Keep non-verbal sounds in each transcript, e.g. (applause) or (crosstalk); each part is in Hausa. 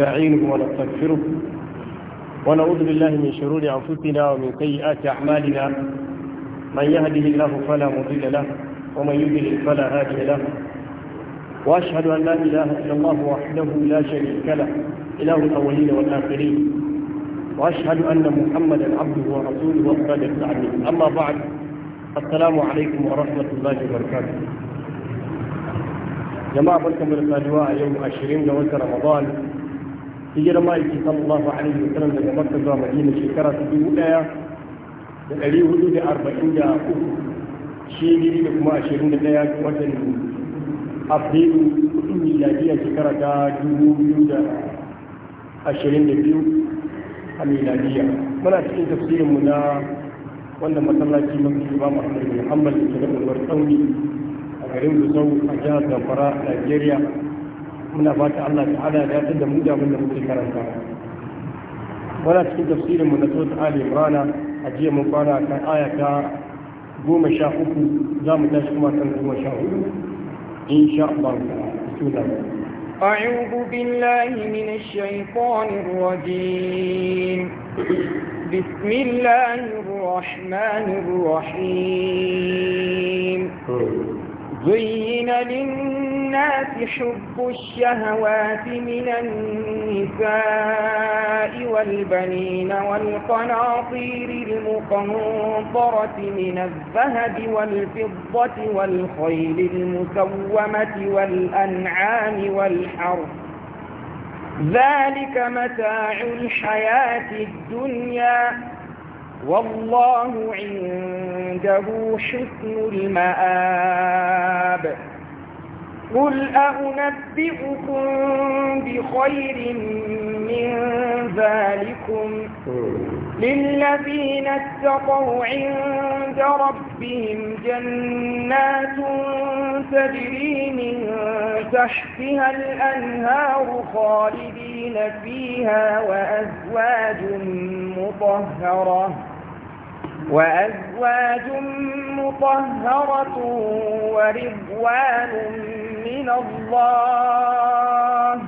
نستعينه ونستغفره ونعوذ بالله من شرور أنفسنا ومن سيئات أعمالنا من يهده الله فلا مضل له ومن يضلل فلا هادي له وأشهد أن لا إله إلا الله وحده لا شريك له إله الأولين والآخرين وأشهد أن محمدا عبده ورسوله وأفراد التعليم أما بعد السلام عليكم ورحمة الله وبركاته جماعة من الأجواء يوم 20 لوزة رمضان hijirar ma'aiki sallallahu alaihi wa sallam daga makka zuwa madina shekara ta dubu daya da ɗari hudu da arba'in da uku shi da kuma ashirin da ɗaya watan afrilu kudin miladiya shekara ta dubu biyu da ashirin da biyu a miladiya muna cikin tafsirinmu na wanda masallaci mafi imam ahmad bin hanbal da ke da ulwar tsauni a garin gusau a jihar zamfara najeriya من أفات الله تعالى لا تد مجا من مذكرا كان ولا تكي تفصيل من سورة آل عمران أجي مقارا كان آية كا قوم شاقوك زام تشكما ما قوم شاقوك إن شاء الله تعالى. أعوذ بالله من الشيطان الرجيم بسم الله الرحمن الرحيم hmm. زين للناس حب الشهوات من النساء والبنين والقناطير المقنطرة من الذهب والفضة والخيل المسومة والأنعام والحرث ذلك متاع الحياة الدنيا والله عنده حسن المآب قل أنبئكم بخير من ذلكم للذين اتقوا عند ربهم جنات تجري من تحتها الأنهار خالدين فيها وأزواج مطهرة وأزواج مطهرة ورضوان من الله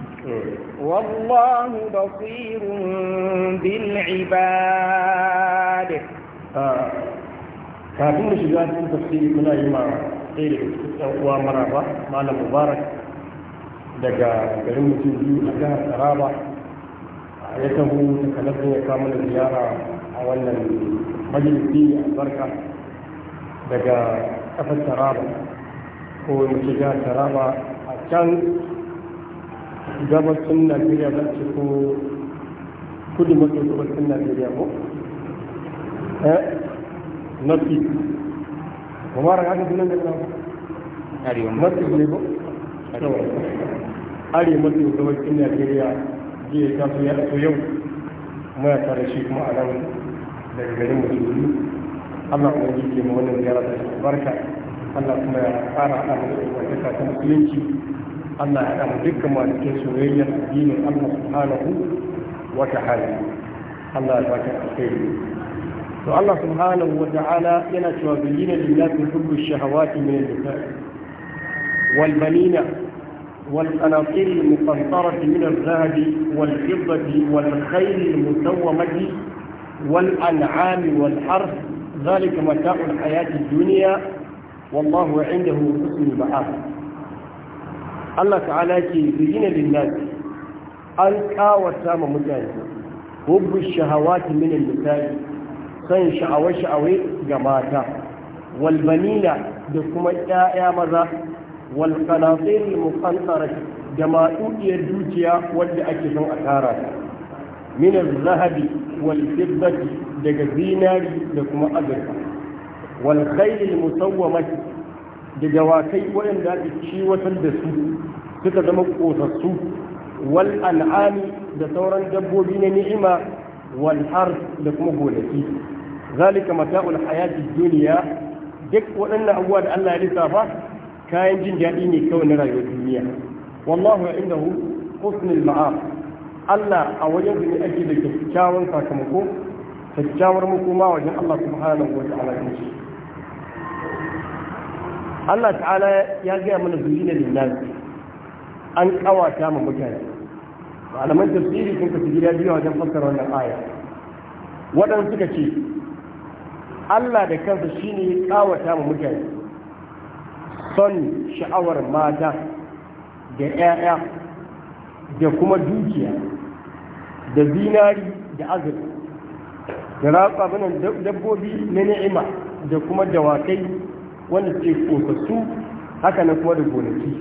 والله بصير بالعباد فهذه آه. في تفسير من أيما قيل وامر الله ما لم يبارك في كلمة الله رابع يتبون تكلمني كامل الزيارة أولا majalisi a barka daga ƙasar taraba ko mace jihar taraba a can gabacin najeriya za ce ko kudu maso gabacin najeriya ko eh, nafi kuma ra haka sunan da kuma mafi ne ko arewa mafi gabacin najeriya zai taso ya yau kuma tare shi kuma a daga garin musulmi allah kuma yi ke ma wannan ziyara da barka allah kuma ya fara haɗa mu da wata ta musulunci allah ya haɗa mu dukkan masu ke soyayyar addinin allah subhanahu wa ta'ala allah ya baka alheri to allah subhanahu wa ta'ala yana cewa bayyana lillahi hubbu shahawati min an-nisa wal banina والقناطير المقنطرة من الذهب والفضة والخيل المسومة والأنعام والحرث ذلك متاع الحياة الدنيا والله عنده حسن المآب الله تعالى يبين للناس ألقى وسام مجانب حب الشهوات من النساء سن شعوى شعوى جماتا والبنين دكما يا مذا والقناطير المقنطرة جماعو يدوتيا ودعك سن أكاراتها min zahabi wal fiddati daga zinari da kuma azurfa wal khayl musawwamati da dawakai waɗanda ake ciwatar da su suka zama ƙosassu wal an'ami da sauran dabbobi na ni'ima wal har da kuma gonaki zalika mata'ul hayati duniya duk waɗannan abubuwa da Allah ya lissafa kayan jin daɗi ne kawai na rayuwa duniya wallahu indahu husnul ma'ab Allah a wajen da ne ake da kyakkyawan sakamako kyakkyawar makoma wajen Allah subhanahu wa ta'ala ya ce Allah ta'ala ya gaya mana zuyina lillahi an kawata mu mutane malaman tafsiri sun kasu gida biyu wajen fassara wannan aya waɗansu suka ce Allah da kansa shine ya kawata mu mutane son sha'awar mata da 'ya'ya da kuma dukiya da zinari da azurfa da ratsa mana dabbobi na ni'ima da kuma dawakai wanda ke kosassu haka na kuma da gonaki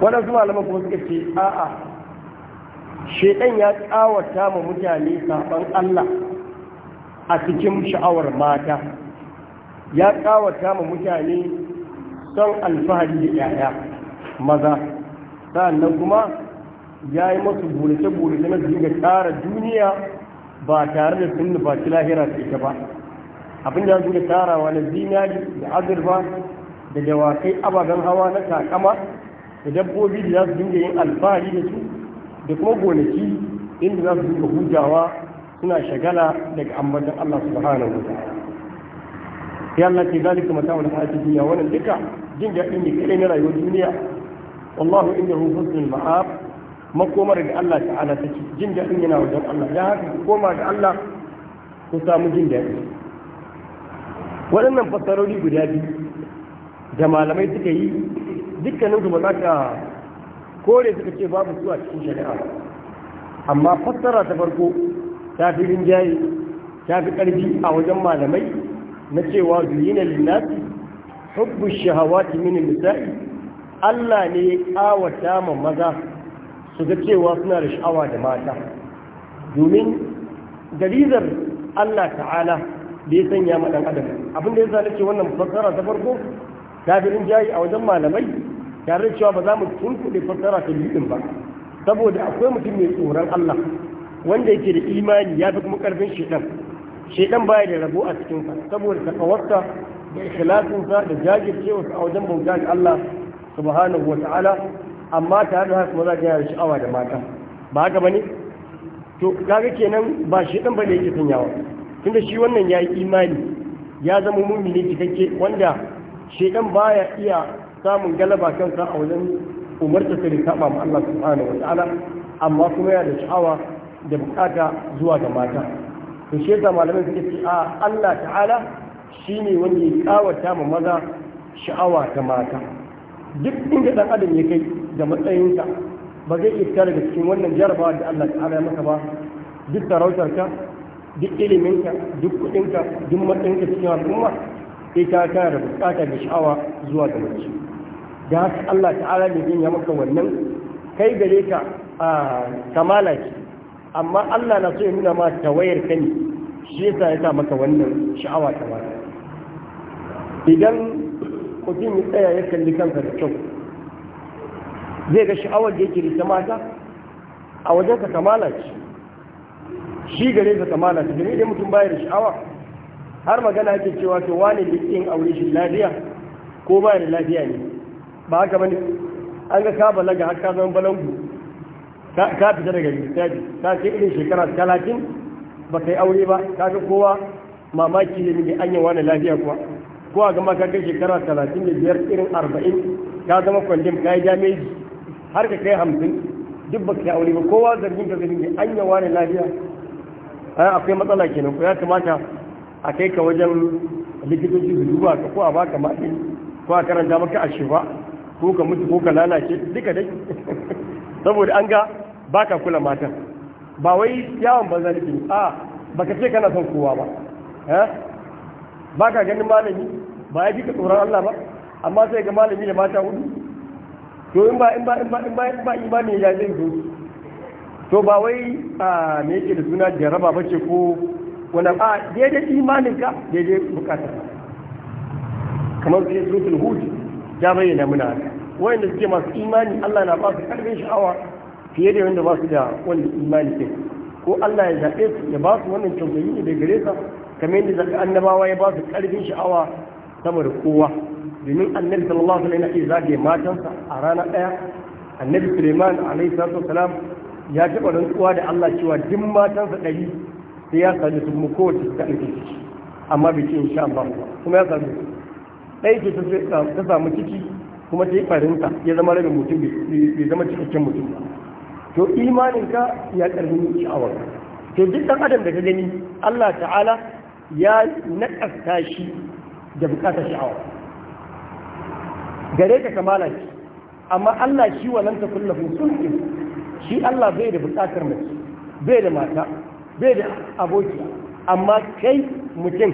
waɗansu malaman kuma suka ce a'a shaidan ya tsawata ma mutane saban allah a cikin sha'awar mata ya tsawata ma mutane son alfahari da 'ya'ya maza sannan kuma ya yi masu burace-burace na dinga tara tsara duniya ba tare da sun ci lahira su ita ba abin da zuwa tarawa na zinari da azurfa da dawakai ababen hawa na takama da dabbobi da za su dinga yin alfahari da su da kuma gonaki inda za su dinga hujawa suna shagala daga ambatan Allah subhanahu wa ta'ala Ya Allah ke zalika wani hayati duniya wannan duka jin daɗin ne kai na rayuwar duniya wallahu inda hukuncin ma'ab makomar da Allah ta'ala ta ci jin daɗin yana wajen Allah ya haka koma ga Allah ku samu jin daɗi waɗannan fassarori guda biyu da malamai suka yi dukkanin ba za ka kore suka ce babu su a cikin shari'a amma fassara ta farko ta fi rinjaye ta fi ƙarfi a wajen malamai na cewa zuyina linnasi hubbu shahawati mini nisa'i Allah ne ya kawata ma maza su ga cewa suna da sha'awa da mata domin dalizar Allah ta'ala da ya sanya ma adam abin da ya zane ce wannan fassara ta farko kafirin jayi a wajen malamai tare da cewa ba za mu tunkuɗe fassara ta biyu ba saboda akwai mutum mai tsoron Allah wanda yake da imani ya fi kuma karfin shaidan shedan baya da rabo a cikin sa saboda takawarsa da ikhlasinsa da jajircewa a wajen bauta ga Allah subhanahu wa ta'ala amma tare da haka maza yana da sha'awa da mata ba haka ba ne? to kaga kenan ba shi dan bane yake sanyawa tunda shi wannan ya yi imani ya zama ne cikakke wanda shedan baya iya samun galaba kansa a wajen umarta ta da ma Allah subhanahu ta'ala amma kuma yana da sha'awa da bukata zuwa ga mata to shi yasa malamai suke ce a Allah ta'ala shine wanda ya kawata ma maza sha'awa ta mata duk inda dan adam ya kai da matsayinka ba zai iya daga cikin wannan jarabawa da Allah ta'ala ya maka ba duk sarautarka duk iliminka duk kuɗinka duk matsayinka cikin al'umma sai ka kana da bukata da sha'awa zuwa ga mace da haka Allah ta'ala ne ya maka wannan kai gare ka a kamala ce amma Allah na so ya nuna ma tawayar ka ne shi yasa ya sa maka wannan sha'awa ta idan mutum ya tsaya ya kalli kansa da kyau zai ga sha'awar da yake rita mata a wajen ka kamala ce shi gare ka kamala ce domin idan mutum bayar da sha'awa har magana ake cewa to wane da yin aure shi lafiya ko bayar da lafiya ne ba haka bane an ga ka balaga har ka zama balangu ka fita daga lissafi ka ce irin shekara talatin ba kai aure ba ka ga kowa mamaki ne mai anyan wani lafiya kuwa ko a gama ka kai shekara talatin da biyar irin arba'in ka zama kwandim ka yi dameji har ka kai hamsin duk ba ka aure ba kowa zargin ka zargin ne an yawa ne lafiya akwai matsala kenan ko ya kamata a kai ka wajen likitoci su duba ka ko a baka ko a karanta maka a shifa ko ka mutu ko ka lalace duka dai (laughs) saboda an ga baka kula matan ba wai yawon banza nake a baka ce kana son kowa ba baka ganin malami ba ya fi ka tsoron Allah ba amma sai ga malami da mata hudu to in ba in ba in ba in ba in ba imani ya zai zo to ba wai a me yake da suna jaraba bace ko wanda a daidai imanin ka daidai bukata kamar sai suratul hud ya bayyana muna wanda suke masu imani Allah na ba su karfin sha'awa fiye da wanda ba su da wanda imani ke ko Allah ya zaɓe su ya ba su wannan tausayi ne da gare sa kamar yadda annabawa ya ba su karfin sha'awa sama da kowa domin annabi sallallahu alaihi wasallam ya zage matansa a rana daya annabi suleiman alaihi salatu wasalam ya taba rantsuwa da Allah cewa duk matansa ɗari sai ya sami su kowace su kaɗa amma bai ce insha Allah kuma ya sami dai ɗaya ce ta samu ciki kuma ta yi ɓarinta ya zama rabin mutum bai zama cikakken mutum ba to imaninka ya ni sha'awar to duk ɗan adam da ka gani Allah ta'ala ya naƙasta shi da buƙatar sha'awa gare ka kamala ce amma Allah shi wannan ta kullafin shi Allah bai da bukatar mace bai da mata bai da aboki amma kai mutum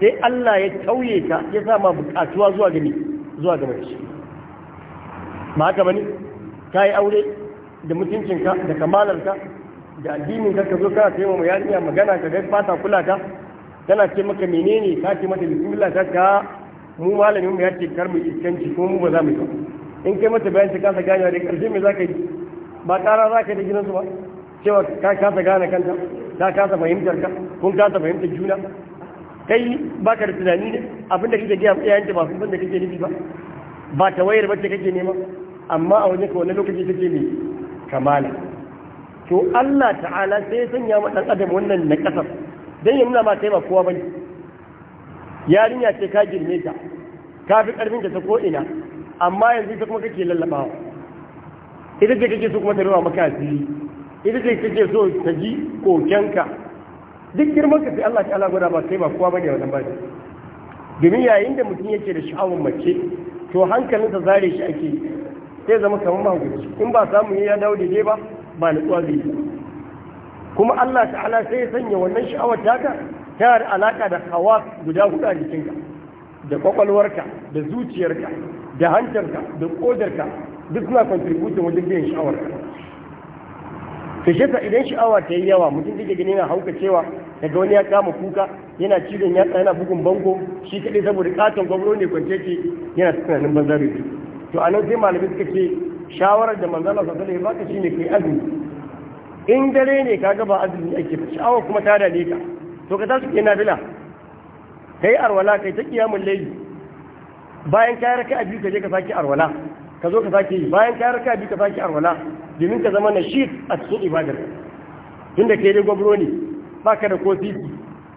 sai Allah ya tauye ka ya sama bukatuwa zuwa gani zuwa ga mace ma haka bane ka yi aure da mutuncinka da kamalarka da addinin ka ka zo kana taimaka ma yarinya magana ka ga fata kula ka tana ce maka menene ka ce mata bismillah ka ka mu malamin mu ya ce kar mu iskanci ko mu ba za mu yi in kai mata bayan ta kasa gane da karshe me za ka yi ba ƙara za ka yi da gidansu ba cewa ka kasa gane kanta ta kasa fahimtar ka kun kasa fahimtar juna kai ba ka da tunani ne abinda kake gaya iyayen ta ba sun san da kake nufi ba ba ta wayar ba bacce kake nema amma a wajen ka wani lokaci kake mai kamala to Allah ta'ala sai ya sanya ma dan adam wannan na kasar dan ya nuna ma kai ba kowa bane yarinya ce ka girme ta Ka fi karfin ta ko ina amma yanzu ita kuma kake lallabawa ita ce kake so kuma ta rawa maka asiri ita ce kake so ta ji kokenka duk girman ka sai Allah ta'ala gwada ba sai ba kowa bane wannan ba domin yayin da mutum yake da sha'awar mace to hankalinsa zare shi ake sai zama kamar mahaifin in ba samu ya dawo dai ba ba nutsuwa zai yi kuma Allah ta'ala sai ya sanya wannan sha'awar taka ta da alaka da hawa guda hudu a jikinka da kwakwalwarka da zuciyarka da hantarka da kodarka duk suna contributing wajen biyan sha'awar ka ta idan sha'awa ta yi yawa mutum zai gani na hauka cewa daga wani ya kama kuka yana cizon yatsa yana bugun bango shi kaɗai saboda katon gwamnati ne kwance ce yana tunanin banza da to a nan sai malamai suka ce shawarar da manzon Allah sallallahu alaihi shi ne kai azumi in dare ne kaga ba azumi ake ba sha'awa kuma ta dade ka to ka tashi na bila. kai arwala kai ta kiyamun laifi bayan ka raka abi ka je ka saki arwala ka zo ka sake yi bayan ka raka abi ka saki arwala domin ka zama nashid a cikin ibadar tunda kai dai gwamnati ne baka da ba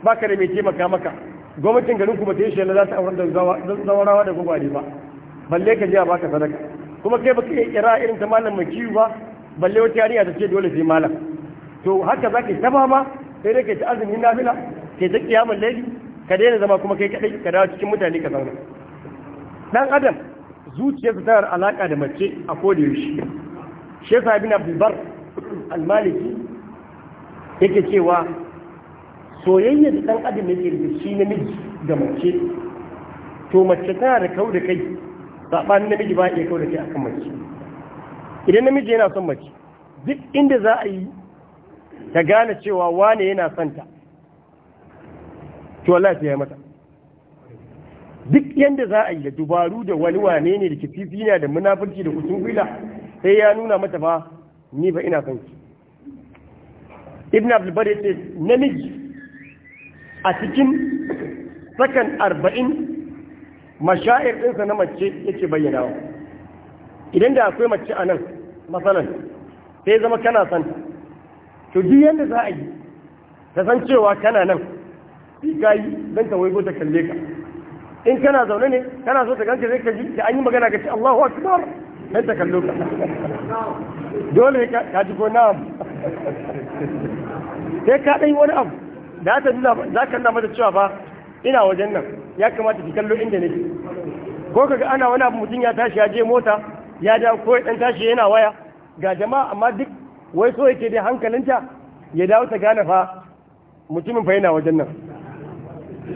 baka da mai taimaka maka gwamnatin garin ku ba ta yi shela za ta aure da zawarawa da gwagware ba balle ka je a baka sadaka kuma kai baka iya kira irin ta malam mai kiwo ba balle wata yariya ta ce dole sai malam to haka zaka ta ma sai dai kai ta azumin nafila kai ta kiyamun laifi. ka daina zama kuma kai kaɗai, ka dawo cikin mutane ka zauna dan adam zuciyarsa tana alaka da mace a koda yaushe shefa Ibn Abdul Bar al-Maliki yake cewa soyayya da dan adam yake da shi namiji da mace to mace tana da kau da kai sabanin namiji ba ya kau da kai akan mace idan namiji yana son mace duk inda za a yi ta gane cewa wane yana son ta to wallahi ya ya mata duk yanda za a yi da dubaru da wani wane ne da na da munafurci da kusur gwila sai ya nuna mata fa ni ba ina son ki ibn abdulbar ya ce namiji a cikin tsakan arba'in mashayar ɗinsa na mace yake wa idan da akwai mace a nan matsalan sai zama kana san to duk yanda za a yi ta san cewa kana nan yi dan ta waigo ta kalle ka in kana zaune ne kana so ta ganka zai ka ji da an yi magana ka ce Allahu akbar dan ta kallo ka dole ka ji ko na'am sai ka dai wani abu da ta nuna za ka nuna mata cewa fa? ina wajen nan ya kamata ki kallo inda nake ko kaga ana wani abu mutum ya tashi ya je mota ya da ko dan tashi yana waya ga jama'a amma duk wai so yake dai hankalinta ya dawo ta gane fa mutumin fa yana wajen nan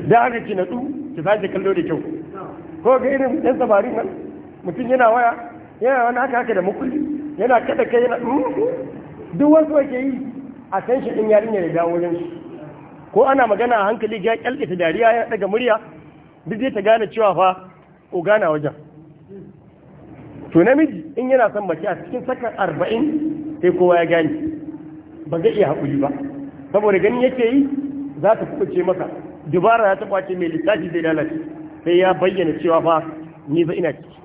da aka ki natsu ki sake kallo da kyau ko ga irin ɗan samari nan mutum yana waya yana wani haka haka da makulli yana kada kai yana mm, mm, mm. duk wasu wake yi a san shi din yarinya da dawo wajen ko ana magana a hankali ga ta dariya ya daga murya duk zai ta gane cewa fa ko gana wajen to namiji in yana son mace a cikin sakan arba'in sai kowa ya gane ba zai iya haƙuri ba saboda ganin yake yi za ta kuɓuce masa dubara ya taba ce mai lissafi zai lalace sai ya bayyana cewa fa ni ba ina ciki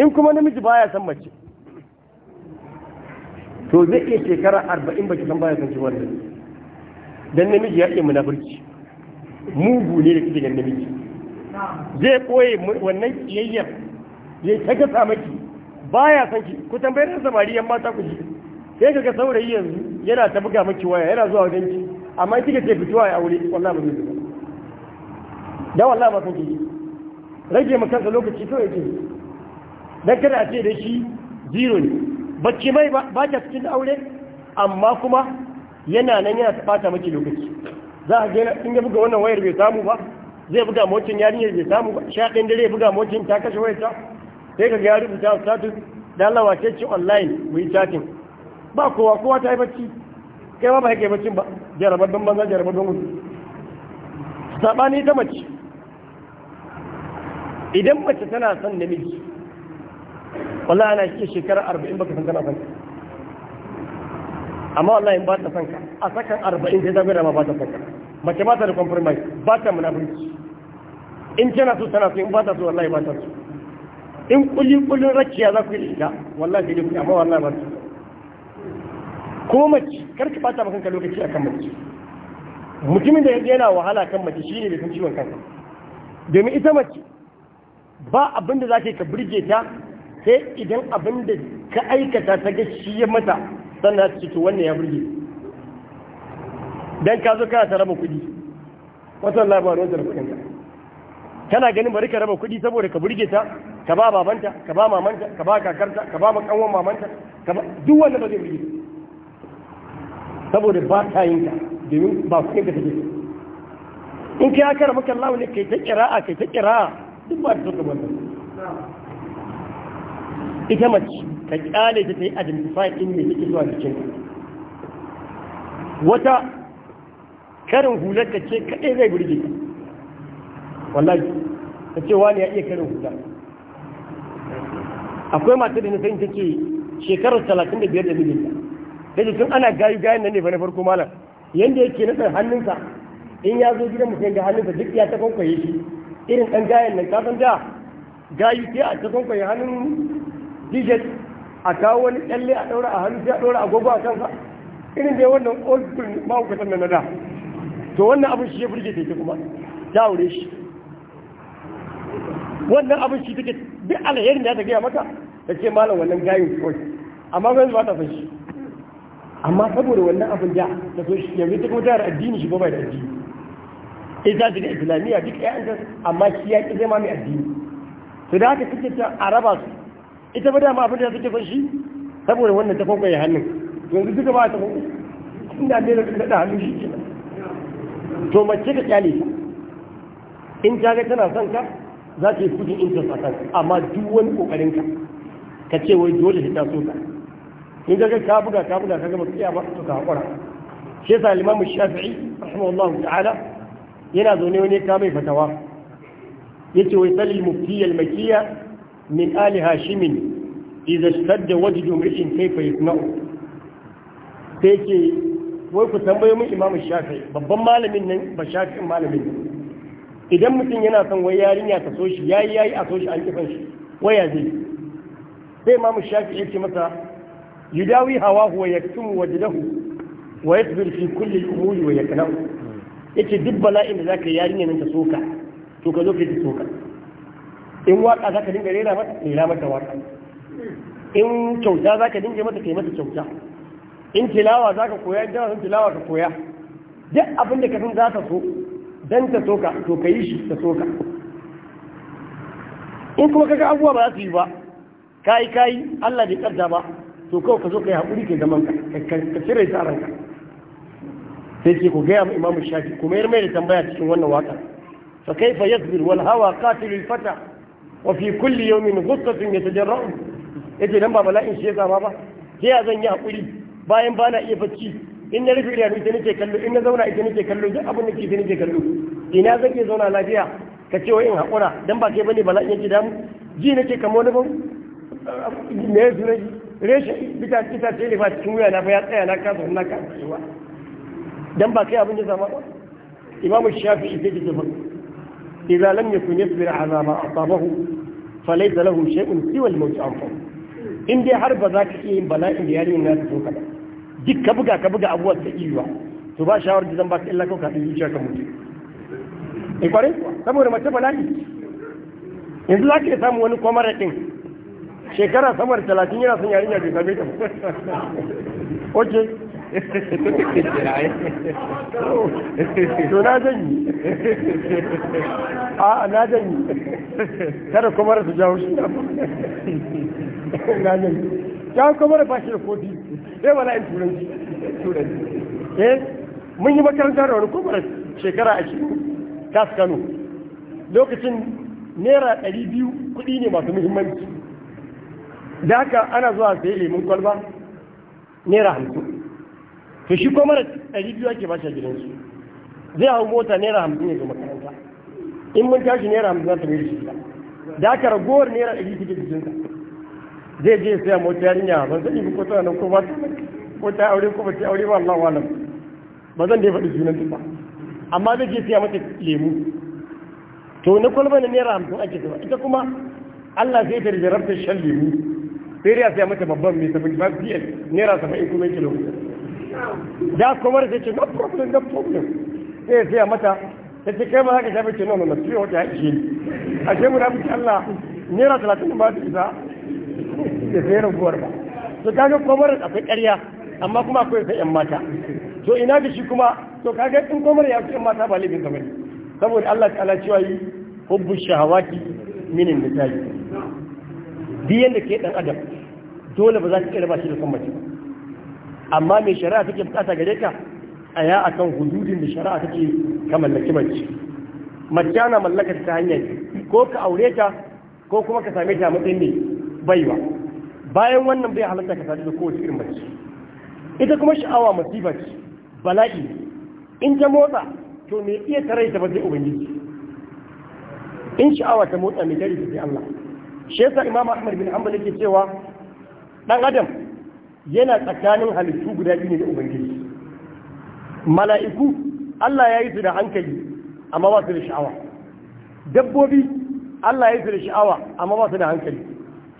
in kuma namiji baya san mace to zai iya shekara arba'in baki san baya san ciwon dan namiji ya iya munafurci mugu ne da kike namiji zai koye wannan kiyayyar ya ta gasa maki baya san ki ku tambayar samari yan mata ku ji sai kaga saurayi yanzu yana ta buga maki waya yana zuwa wajen ki amma kika ce fitowa ya aure wallah ba zai zuba da wallah ba kake rage mu lokaci to yake don kada a ce da shi zero ne bacci mai ba ta cikin aure amma kuma yana nan yana fata maki lokaci za a gina in ya buga wannan wayar bai samu ba zai buga motocin yarinyar bai samu ba sha ɗin dare buga mocin ta kashe wayar ta sai ka ga rubuta status da Allah wace ce online mu yi chatting ba kowa kowa ta yi bacci kai ma ba yake bacin ba jarabar don banza jarabar don gudu sabani ta mace idan mace tana son namiji wala ana shi shekara arba'in baka san tana son amma wallahi ba ta son ka a sakan arba'in sai ta gwada ma ba ta son ka mace ba ta da compromise ba ta munafurci in tana so tana so in ba ta so wala ba ta so in kulli kullun rakiya za ku yi shiga wala sai ku amma wala ba ta so ko mace kar ka bata kanka lokaci akan mace mutumin da yana wahala kan mace shine bai san ciwon kanka domin ita mace ba abinda za ka yi ka burge ta sai idan abinda ka aikata ta ga shi ya mata sannan ta ciki wannan ya burge dan ka zo kana ta raba kuɗi wata Allah ba ruwan kuɗin ka kana ganin bari ka raba kuɗi saboda ka burge ta ka ba babanta ka ba mamanta ka ba kakarta ka ba makanwan mamanta ka ba duk wanda ba zai burge saboda ba ta yin ta, domin ba ga ta take in ka ya kara maka Allah ne kai ta kira'a kai ta kira'a duk ba ta so ita mace ka kyale ta yi identify din ne take zuwa cikin wata karin hular ka ce kaɗai zai burge ka wallahi ta ce wani ya iya karin hular akwai masu da na sayin ta ce shekarar talatin da biyar da mijinta da tun ana gayu gayan nan ne fa na farko malam yanda yake san hannunka in ya zo gidan mutum ga hannunsa duk ya ta kwankwaye shi irin ɗan gayan nan san da gayu sai a ta kwankwaye hannun digit a kawo wani kyalle a daura a hannu sai a ɗaura agogo a kansa irin dai wannan old school san nan na da to wannan abin shi ya burge ta kuma ta aure shi wannan abin shi take duk alherin da ta gaya mata ta ce malam wannan gayin kawai amma ba ta fashi amma saboda wannan abin da ta so shi yanzu ta kuma jihar addini shi bai da addini in za ta ga islamiyya duk an san amma shi ya ƙi zama mai addini su da haka suke ta araba su ita ba dama abin da suke fashi shi saboda wannan ta kwakwai hannun yanzu duka ba ta kwakwai inda ne da da hannun shi kenan to mace ka kyale ta in ta ga tana son ka za ta yi kudin interest a amma duk wani ka ka ce wai dole ta so ka Ni daga ka buga ka buga ka gama kiya ba to ka hakura shi yasa al Shafi'i rahimahullahu ta'ala yana zaune wani ta mai fatawa yace wai salil mufti al-makiyya min ali hashim idza istadda wajdu mri'in kayfa yasma'u sai ce wai ku tambaye mu Imam Shafi'i babban malamin nan ba Shafi'in malamin idan mutum yana son wai yarinya ta so shi yayi yayi a so shi an kifan shi waya zai sai Imam Shafi'i ya ce masa yudawi hawa huwa yaktumu wajdahu wa yasbir fi kulli al-umuri wa yaknahu yace duk bala'in da zaka yarinya nan ta soka to ka zo ka ta soka in waka zaka dinga rera mata rera mata waka in kyauta zaka dinga mata kai mata kyauta in tilawa zaka koya in dawon tilawa ka koya duk abin ka san zaka so dan ta soka to ka yi shi ta soka in kuma kaga abubuwa ba za su yi ba kai kai Allah bai karda ba to kawai ka zo ka yi haƙuri ke zaman ka ka cire shi ranka sai ce ku gaya imam shafi kuma yar mai da tambaya cikin wannan waka fa kaifa yasbir wal hawa qatilul fata wa fi kulli yawmin ghussatun yatajarra'u yace dan ba bala'in shi ya zama ba sai ya zan yi haƙuri bayan ba na iya bacci in na rufe idanu ita nake kallo in na zauna ita nake kallo duk abin da ke nake kallo ina zan iya zauna lafiya ka ce wa in haƙura dan ba kai bane bala'in yake damu ji nake kamar wani ban me ya reshe bita kita ce ne ba cikin wuya na bayan ya tsaya na kasa na kasuwa don ba kai abin da zama ba imamu shafi ita ke ba idza lam yakun yasbir ala ma asabahu falaysa lahu shay'un siwa al-maut anfa in dai har ba za ka iya yin bala'in da yarin na so ka duk ka buga ka buga abuwa ta iya to ba shawar da zan ba ka illa ko ka zuciya ka mutu eh kware saboda mace bala'i yanzu za ka samu wani kwamara din shekara sama da talatin yana son yarinya bai same ta oke to na janyi a na janyi kada kuma rasu jawo shi na janyi jawo kuma rafa shi da kofi zai wala in turanci turanci eh mun yi makaranta da wani kuma shekara ashirin kas kano lokacin naira ɗari biyu kuɗi ne masu muhimmanci da haka ana zuwa sai lemun kwalba naira hamsin to shi kuma mara ɗari biyu ake bashi a gidansu zai hau mota naira hamsin ya ga makaranta in mun tashi naira hamsin za ta mai shi da haka ragowar naira ɗari take jikinsa zai je sai a mota yarinya ban sani ko tana nan ko ba ko ta aure ko ba ta aure ba Allah wa'alam ba zan dai faɗi sunan ba amma zai je sai a mata lemu to na kwalba na naira hamsin ake zuwa ita kuma Allah zai ta rijarabta shan lemu sai dai a saya mata babban mai 75 pm naira 70 kuma kilo da kuma da ce no problem no problem sai ya saya mata ta ce kai ma za ka shafe ce nono na fiye wata ya ishe ni a ce mu na fi Allah naira 30 ba ta isa da sayar raguwar ba to kaga kwamar akwai ƙarya amma kuma akwai sai yan mata to ina da shi kuma to kaga in kwamar ya fi yan mata ba laifin kamar saboda Allah ta'ala cewa yi hubbu shahawati minin da ta yi. Biyan da ke dan adam dole ba za ka kira ba shi da kan mace amma mai shari'a take bukata gare ka a akan hududin da shari'a take ka mallaki mace mace na mallaka ta hanyar ko ka aure ta ko kuma ka same ta a matsayin ne baiwa bayan wannan bai halatta ka sadu da kowace irin mace ita kuma sha'awa masifa ce bala'i in ta motsa to me iya tarai ta ba zai ubangiji in sha'awa ta motsa mai tare ta sai Allah shi yasa imam ahmad bin hanbal yake cewa dan adam yana tsakanin halittu guda biyu ne da ubangiji mala'iku Allah ya yi su da hankali amma ba su da sha'awa dabbobi Allah ya yi su da sha'awa amma ba su da hankali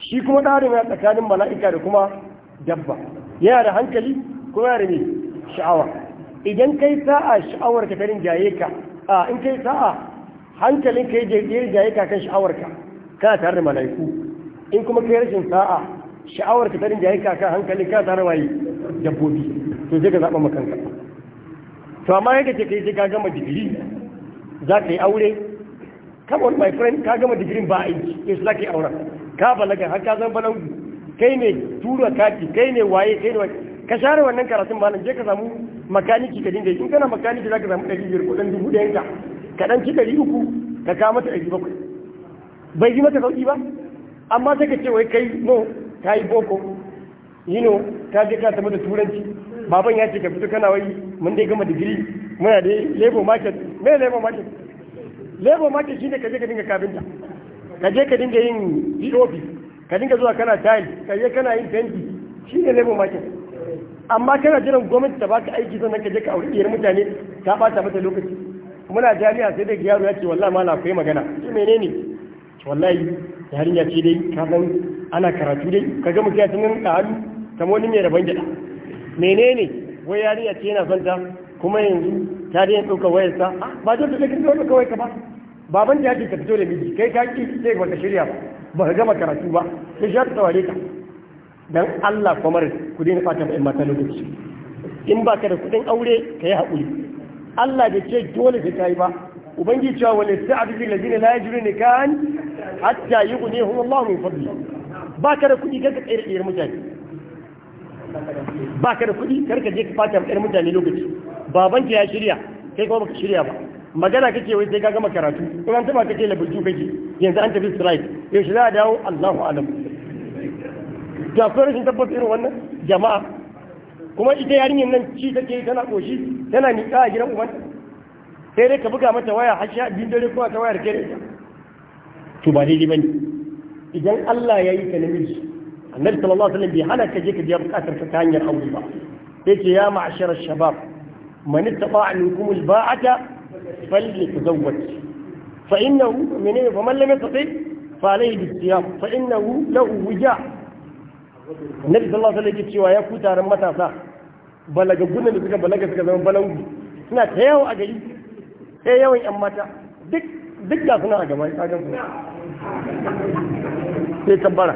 shi kuma dan adam yana tsakanin mala'ika da kuma dabba yana da hankali kuma yana da sha'awa idan kai sa'a sha'awar ka ta rinjaye ka in kai sa'a hankalin ka ya jaye ka kan sha'awar ka kana tare da malaiku in kuma kai rashin sa'a sha'awar ka tarin jayi kaka hankali kana tare waye dabbobi to sai ka zaba makanka to amma yake ce kai sai ka gama digiri za ka yi aure come on my friend ka gama digirin ba aiki yanzu za ka yi aure ka balaga har ka zan balangu kai ne tura kati kai ne waye kai ne waye ka share wannan karatun malam je ka samu makaniki ka dinga in kana makaniki za ka samu ɗari biyar kuɗin dubu ɗayan ka ka ɗan ci ɗari uku ka kawo mata ɗari bakwai bai yi mata sauki ba amma take ka ce wai kai no ka yi boko yi no ta je ka tafi da turanci baban ya ce ka fito kana wai mun dai gama digiri muna da labor market me labor market labor market shine ka je ka dinga kabinta ka je ka dinga yin pop ka dinga zuwa kana tile ka je kana yin fenti shine labor market amma kana jiran gwamnati ta baka aiki sannan ka je ka aure iyar mutane ta bata mata lokaci muna jami'a sai da yaro ya ce wallahi ma na kai magana shi menene wallahi yarinya ce dai ka san ana karatu dai ka ga mutum ya tunan da hannu kamar wani mai rabon gida menene wai yarinya ce yana son ta kuma yanzu ta dai ɗaukar wayar ta ah, ba ta da kin zo kawai ka ba baban da yake ka fito da miji kai ka ki sai ka shirya ba ba ka gama karatu ba sai shi ta ware ka dan Allah kamar ku dai fata ba in mata lokaci in ba ka da kudin aure ka yi haƙuri Allah bai ce dole sai yi ba ubangiji cewa wani sa'adu zai na la yajiru ne kan hatta yi ne hun Allah min fadli ba ka da kuɗi karka tsayar tsayar mutane ba ka da kuɗi karka je ka fata tsayar mutane lokaci babanka ya shirya kai kuma baka shirya ba magana kake wai sai ka gama karatu in an taba kake labarju kake yanzu an tafi strike yaushe za a dawo Allahu alam da akwai rashin tabbas irin wannan jama'a kuma ita yarinyar nan ci take tana koshi tana niƙa a gidan ubanta sai dai ka buga mata waya hasha, sha biyu dare kuma ta wayar kere to ba daidai bane idan Allah ya yi ka namiji annabi sallallahu alaihi wasallam bai hana ka je ka biya bukatar ka ta hanyar aure ba yace ya ma'ashara shabab man ittaqa minkum alba'ata falyatazawwaj fa innahu min faman lam yastati fa alayhi bisiyam fa innahu lahu wija annabi sallallahu alaihi wasallam cewa ya ku taron matasa balagaggunan da suka balaga suka zama balangu suna ta yawo a gari sai eh, yawan yan mata duk duk da suna a gaba ya gan su sai tabbara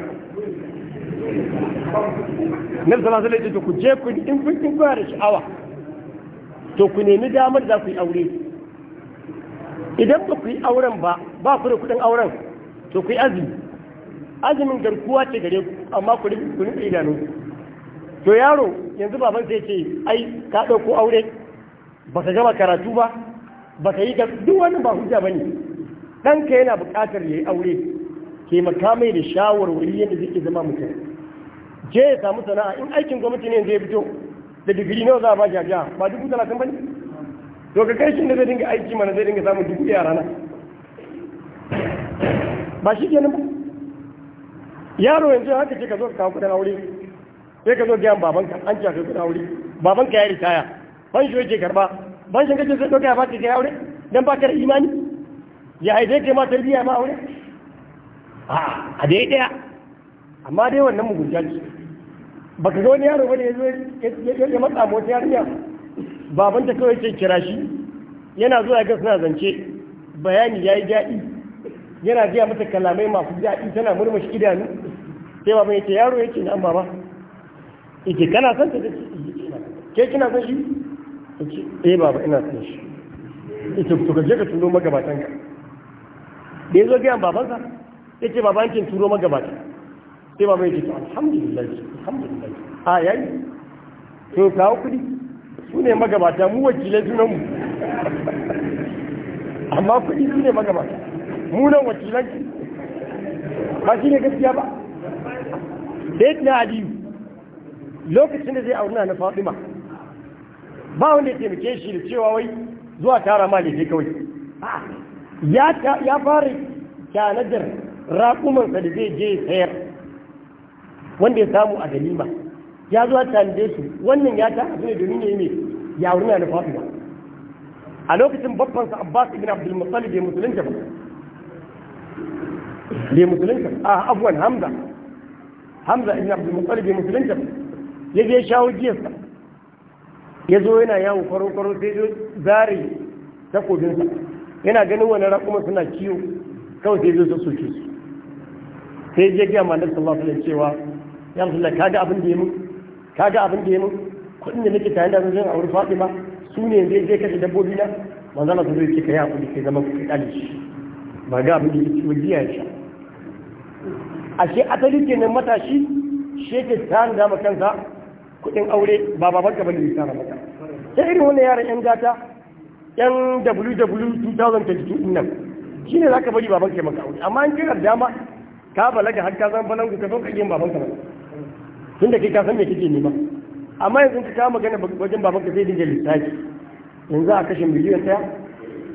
nan sallallahu alaihi wasallam ku je ku in kun kun kuna da sha'awa to ku nemi damar za ku yi aure idan ba ku yi auren ba ba ku da kudin auren to ku yi azumi azumin garkuwa ce gare ku amma ku rinka idanu to yaro yanzu baban sai ce ai ka ɗauko aure ba ka gama karatu ba ba ka yi ga duk wani ba hujja ba ne ɗanka yana buƙatar ya yi aure ke makamai da shawarwari yadda zai zama mutum je ya samu sana'a in aikin gwamnati ne zai fito da digiri nawa za a ba jaja ba dubu talatin ba ne to ka kai shi da zai dinga aiki mana zai dinga samun dubu ɗaya rana ba shi ke ba yaro yanzu haka ce ka zo ka kawo aure sai ka zo gyan babanka an ce ka kudin aure babanka ya ritaya ban shi yake karba ban shi gaje sai doka ya baka kai aure ba baka da imani ya aide kai ma tarbiyya ma aure a a dai ɗaya. amma dai wannan mugunta ce baka ga wani yaro ya yazo ya matsa mota yarinya baban ta kawai ce kira shi yana zuwa ga suna zance bayani ya yi daɗi yana gaya mata kalamai masu daɗi tana murmushi idanu sai baban yace yaro ce na mama Ita kana son ta ce eh, ke kina son shi ta ce eh baba ina son shi ita to kaje ka turo magabatan ka da ya zo gayan babansa ya ce baban kin turo magabatan sai baba ya ce alhamdulillah alhamdulillah a yayi to kawo kudi su ne magabata mu wakilai sunan mu (laughs) amma kudi su ne magabata mu nan wakilan ki ba shi ne gaskiya ba sai na aliyu lokacin da zai auri na faɗi ma ba wanda ya taimake shi da cewa wai zuwa tara ma lefe kawai ya fara kyanadar raƙumansa da zai je sayar wanda ya samu a ganima ya zuwa tanade su wannan ya ta ne domin ya yi mai ya wurina na ba a lokacin babbansa abbas ibn abdul musalli bai musulunta ba bai musulunta a abuwan ah, hamza hamza ibn abdul musalli bai musulunta ba ya je shawo jiyarsa ya zo yana yawon kwaro-kwaro sai zo zare takobinsa yana ganin wani rakuma suna kiwo kawai sai zo su soke su sai je gaya ma nasu Allah sallallahu cewa ya rasu ka ga abin da ya mun ka ga abin da ya mun kuɗin da nake tayin da zan faɗi ba su ne zai je kashe dabbobi na manzo Allah sallallahu alaihi wasallam ya ce kai hakuri kai zama kai dali ba ga abin da ya ci wajiya ya sha ashe asali kenan matashi shi ta tare da kansa kuɗin aure ba babanka bane zai tara maka sai irin wannan yaran yan gata yan WW 2022 nan shine zaka bari babanka ya maka aure amma an kira dama ka balaga har ka san balangu ka zo ka baban babanka ba tunda kai ka san me kake nema amma yanzu ka kama magana wajen babanka sai dinga lissafi yanzu a kashe miliyan ɗaya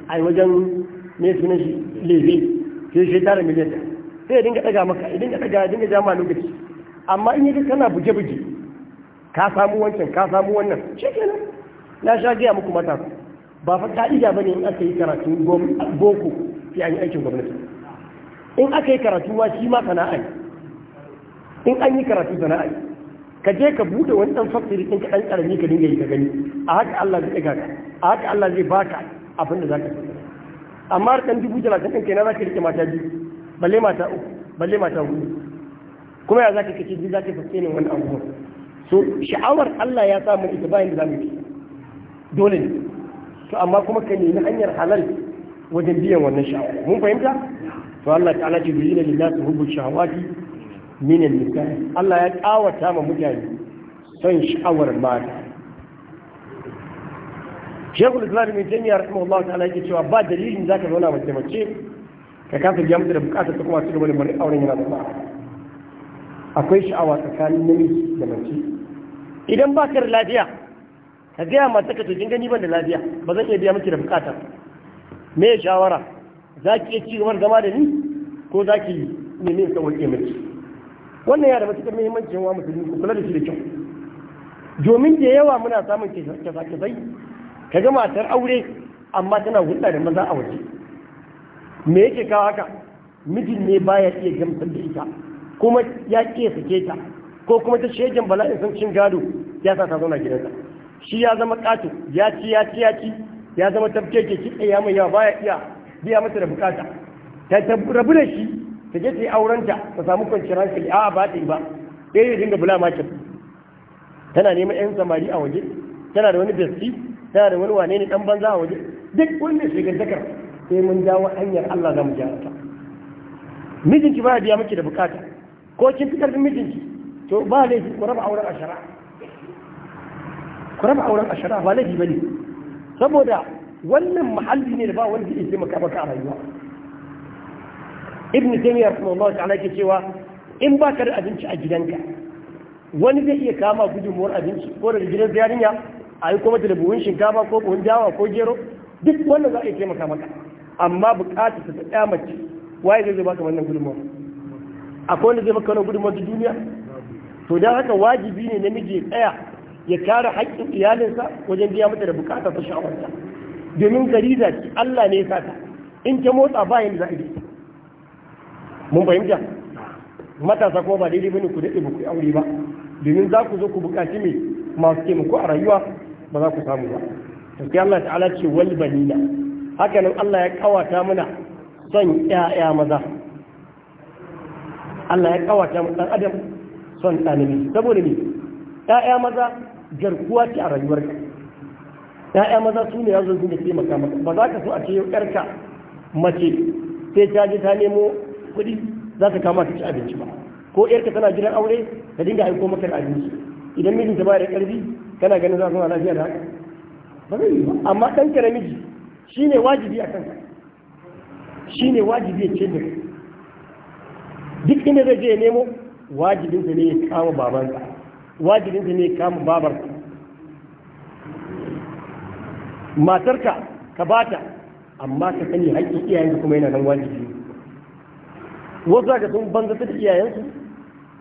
a yi wajen me sunan shi lebe sai shi tara miliyan ɗaya sai ya dinga ɗaga maka ya dinga ɗaga ya dinga jama lokaci amma in yi kana buge-buge ka samu wancan ka samu wannan nan na sha gaya muku matasa ba fa ka'ida ne in aka yi karatu boko sai an yi aikin gwamnati in aka yi karatu ma shi ma sana'a ne in an yi karatu sana'a ne ka je ka bude wani dan fasiri din ka dan karami ka dinga yi ka gani a haka Allah zai ɗaga ka a haka Allah zai baka abin da zaka ci amma kan dubu talatin din kenan zaka rike mata biyu balle mata uku balle mata hudu kuma ya zaka kace ji zaka fuske ne wannan abubuwan so sha'awar Allah ya samu ita bayan da zamu yi dole ne to amma kuma ka nemi hanyar halal wajen biyan wannan sha'awa mun fahimta to Allah ta'ala ce bayyana lillahi hubbu shahawati min nisa Allah ya kawata ma mutane son sha'awar mata shekul islam mai jami'a rahimahullah ta'ala yake cewa ba dalilin zaka zauna mace mace ka kasa biya mata da bukatar ta kuma su gaba da auren yana da akwai sha'awa tsakanin namiji da mace idan ba ka da lafiya ka gaya mata ka tujin gani ban da lafiya ba zan iya biya miki da bukata me shawara za ki iya cigaba zama da ni ko za ki nemi in sauƙe miki wannan ya da matuƙar muhimmanci wa musulmi ku kula da shi da kyau domin da yawa muna samun kasa ka ga matar aure amma tana hulɗa da maza a waje me yake kawo haka mijin ne baya iya gamsar da ita kuma ya ƙi sake ta ko kuma ta shegen bala'in sun cin gado ya sa ta zauna gidansa shi ya zama katin ya ci ya ci ya ci ya zama ke ki ya mai yawa baya iya biya mata da bukata ta rabu da shi ta je ta yi aurenta ta samu kwanciyar hankali a ba ta yi ba ɗaya ya dinga bula makin tana neman yan samari a waje tana da wani besti tana da wani wane ne dan banza a waje duk wanda shigantakar sai mun dawo hanyar Allah za mu gyara ta mijinki ba biya miki da bukata ko kin fitar da mijinki to ba laifi ku raba auren ashara ku raba auren ashara ba laifi bane saboda wannan muhalli ne da ba wanda yake maka maka a rayuwa ibn taymiyyah rahimahullah ta'ala yake cewa in ba ka da abinci a gidanka wani zai iya kama gudunmuwar abinci ko da gidan yarinya a yi kuma da buhun shinkafa ko buhun dawa ko gero duk wannan za a iya taimaka maka amma bukatar ta tsaya mace waye zai baka wannan gudunmuwar akwai wanda zai maka wannan gudunmuwar ta duniya to don haka wajibi ne namiji ya tsaya ya kare haƙƙin iyalinsa wajen biya mata da bukatar ta sha'awarta domin gariza ce Allah ne ya ta, in ta motsa ba yin zaɓi mun fahimta matasa kuma ba daidai bane ku daɗe ba ku aure ba domin za ku zo ku buƙaci mai masu taimako a rayuwa ba za ku samu ba to Allah ta'ala ce wal banina haka nan Allah ya kawata mana son ƴaƴa maza Allah ya kawata mu dan adam son ɗanami saboda ne ‘ya'ya maza garkuwa ce a rayuwarka ‘ya'ya maza su ne sun da ke maka ba za ka so a ce ɗarka mace sai ta je ta nemo kuɗi za ta kama ta ci abinci ba ko ɗarka tana jiran aure ka dinga aiko maka da abinci idan mijinta ba da ƙarfi kana ganin za su lafiya da haka ba zai yi ba amma ɗan ka namiji shi ne wajibi a kanka shi ne wajibi ya ce da duk inda zai je ya nemo wajibinsa ne ya kama babansa wajibinsa ne ya kama babarsa matarka ka bata amma ka sani haƙƙin iyayen kuma yana nan wajibi wasu daga sun banza da iyayensu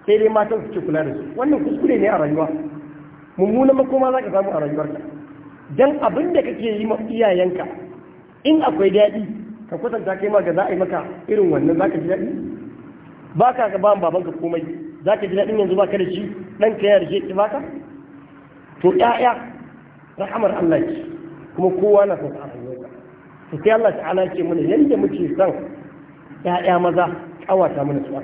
sai dai matan su ce kula da su wannan kuskure ne a rayuwa mummunan makoma za ka samu a rayuwarka dan abin da kake yi ma iyayenka in akwai daɗi ka kusanta kai ma ga za a yi maka irin wannan za ka ji daɗi ba ka ba babanka komai za ka ji daɗin yanzu ba ka da shi ɗan ka yarje ki ka. to ƴaƴa rahamar Allah ce kuma kowa na son a rayuwarsa to kai Allah ta'ala ce mana yadda muke son yaya maza kawata mana su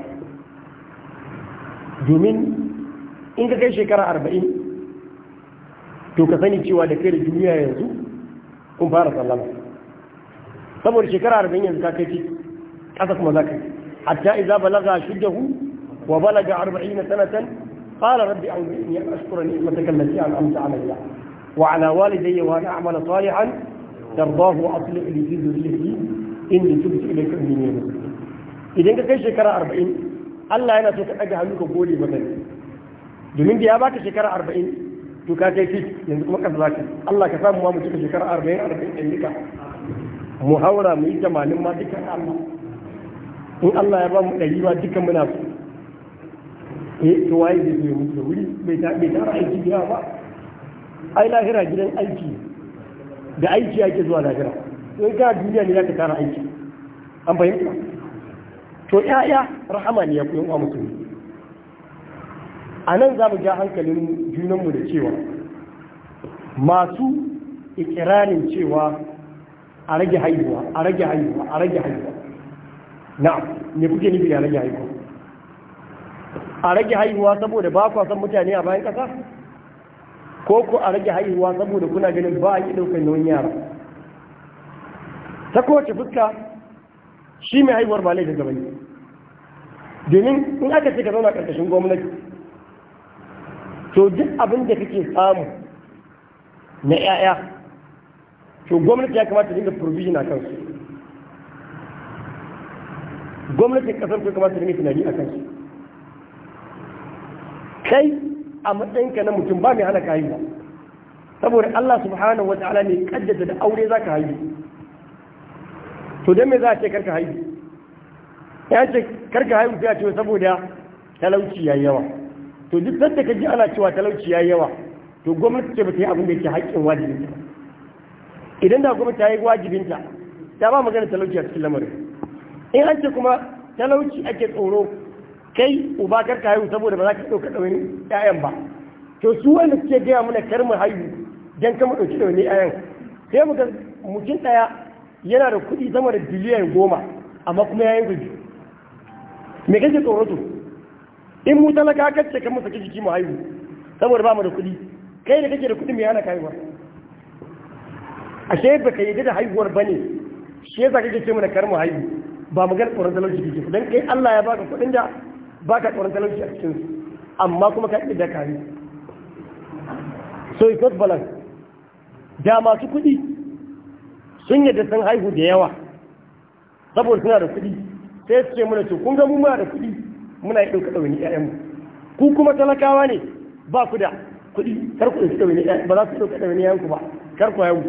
domin in ka kai shekara arba'in to ka sani cewa da kai da duniya yanzu kun fara sallama saboda shekara arba'in yanzu ka kai ci ƙasa kuma za ka yi حتى إذا بلغ أشده وبلغ أربعين سنة قال رب أعوذني أن أشكر نعمتك التي أنعمت علي وعلى والدي وأن أعمل صالحا ترضاه وأصلح لي في ذريتي إني تبت إليك شكرا أربعين Allah yana so ka ɗaga hannu ka gode ba gani domin da baka shekara arba'in to ka kai fit yanzu kuma kasa zaki Allah ka samu ma mu shekara arba'in mu haura mu ma duka Allah in Allah ya ba mu ɗari ba duka muna su eh to waye zai mutu da wuri bai ta bai aiki biya ba ai lahira gidan aiki da aiki yake zuwa lahira to ga duniya ne ka tara aiki an fahimta to ya'ya rahama ne ya kuyin wa ne. a nan za mu ja hankalin junanmu da cewa masu ikirarin cewa a rage haihuwa a rage haihuwa a rage haihuwa na me kuke nufi da rage haihuwa a rage haihuwa saboda ba kuwa san mutane a bayan kasa ko ku a rage haihuwa saboda kuna ganin ba a yi ɗaukar nauyin yara ta kowace fuska shi mai haihuwar ba laifin gaba ne domin in aka ce ka zauna ƙarƙashin gwamnati to duk abin da kake samu na 'ya'ya to gwamnati ya kamata dinga provision a kansu gwamnatin kasar ta kamata ta yi tunani a kansu kai a matsayinka na mutum ba mai hana ka haihuwa saboda Allah subhanahu wa ta'ala ne kaddata da aure za ka haihu to dan me za a ce karka haihu ya ce karka haihu sai a ce saboda talauci ya yawa to duk da ka ji ana cewa talauci ya yawa to gwamnati ce ba ta yi abin da yake haƙƙin wajibinta idan da gwamnati ta yi wajibinta ta ba magana talauci a cikin lamarin in an ce kuma talauci ake tsoro kai uba kar ka haihu saboda ba za ka ɗauka ɗaurin ƴaƴan ba to su wanda suke gaya mana kar mu haihu dan kama ɗauki ɗaurin ƴaƴan sai mu ga mutum ɗaya yana da kuɗi sama da biliyan goma amma kuma ya gudu me kake tsoro to in mu talaka ka ce kan mu saki jiki mu haihu saboda ba mu da kuɗi kai da kake da kuɗi me yana kaiwa ashe ba ka yi da haihuwar bane shi yasa kake ce mana kar mu haihu ba mu magar tsoron talauci kike don kai Allah ya baka kuɗin da ka tsoron talauci a cikin su amma kuma ka da kare so it's not balance da masu kuɗi sun yadda sun haihu da yawa saboda suna da kuɗi sai su ce mana to kun ga mu muna da kuɗi muna yi ɗauka ɗauki ƴaƴanmu ku kuma talakawa ne ba ku da kuɗi kar ku ɗauki ɗauki ƴaƴan ba za su ɗauka ɗauni ƴaƴanku ba kar ku haihu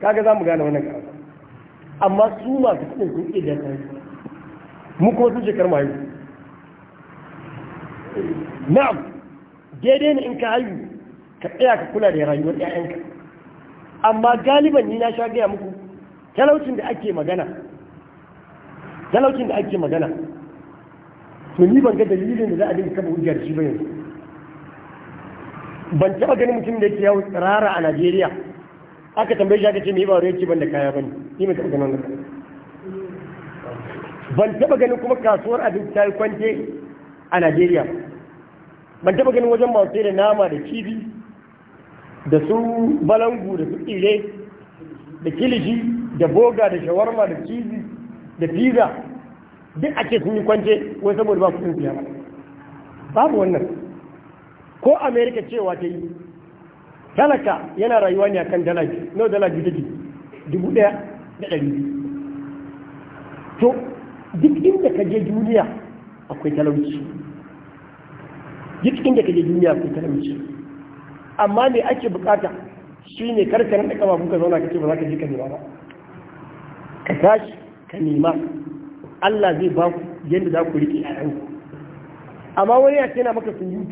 kaga za mu gane wannan karatu amma su masu kuɗin sun iya da mu kuma sun shekar mu haihu na'am daidai ne in ka haihu ka tsaya ka kula da rayuwar 'ya'yanka amma galiban ni na sha gaya muku talaucin da ake magana talaucin da ake magana to ni ban ga dalilin da za a dinga kaba hujjar shi ba yanzu ban taba ganin mutum da yake yawo tsirara a Najeriya aka tambaye shi aka ce me ba wani yake ban da kaya ba ne. ni mai taba ganin wannan ban taba ganin kuma kasuwar abinci ta yi kwance a najeriya ban taba ganin wajen masu da nama da kifi da su balangu da su tsire da kilishi da boga da shawarma da kifi da fiza, duk ake sun yi kwance wai saboda ba kudin siya babu wannan ko amerika cewa ta yi talaka yana rayuwa ne akan dala biyu nawa dala biyu dubu daya da ɗari to duk inda ka je duniya akwai talauci duk inda ka je duniya akwai talauci amma me ake bukata shi ne karka nan da kama kuka zauna ka ce ba za ka je ka nema ba ka tashi ka nema Allah zai ba ku yadda za ku riƙe yaranku, amma wani ya ce na maka sun yi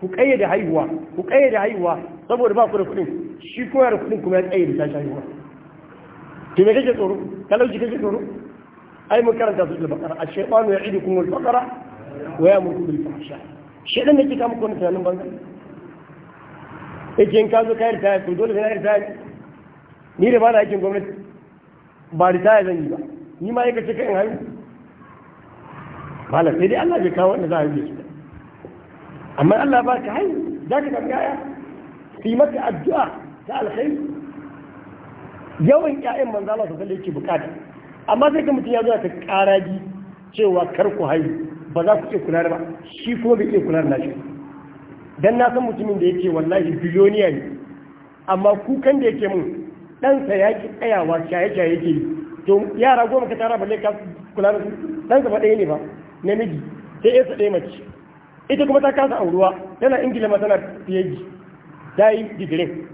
ku ƙayyade haihuwa ku ƙayyade haihuwa saboda ba ku da kuɗin shi kuma da kuɗin kuma ya ƙayyade tashi haihuwa to me kake tsoro talauci kake tsoro ai mun karanta su al-baqara ash-shaytanu ya'idukum al-faqra wa ya'murukum bil-fahsha shedan ne ke kama ku tunanin banza yake in ka zo ka yarda to dole sai yarda ni da ba na aikin gwamnati ba ritaya zan yi ba ni ma yake cikin hayu malam sai dai Allah bai kawo wanda za a yi su amma Allah ba ka hayu za ka tambaya fi maka addu'a ta alkhairi yawan ƴaƴan manzo Allah sallallahu alaihi amma sai kan mutum ya zuwa ta ƙaraji cewa kar ku haihu ba za ku iya kula da ba shi kuma bai iya kula da nashi dan na san mutumin da yake wallahi biloniya ne amma kukan da yake mun ɗansa ya ki tsayawa shaye-shaye ke yi to yara goma ka tara balle ka kula da su ɗansa ba ɗaya ne ba namiji sai ya sa ɗaya mace ita kuma ta kasa auruwa tana ingila ma tana PhD ta yi digirin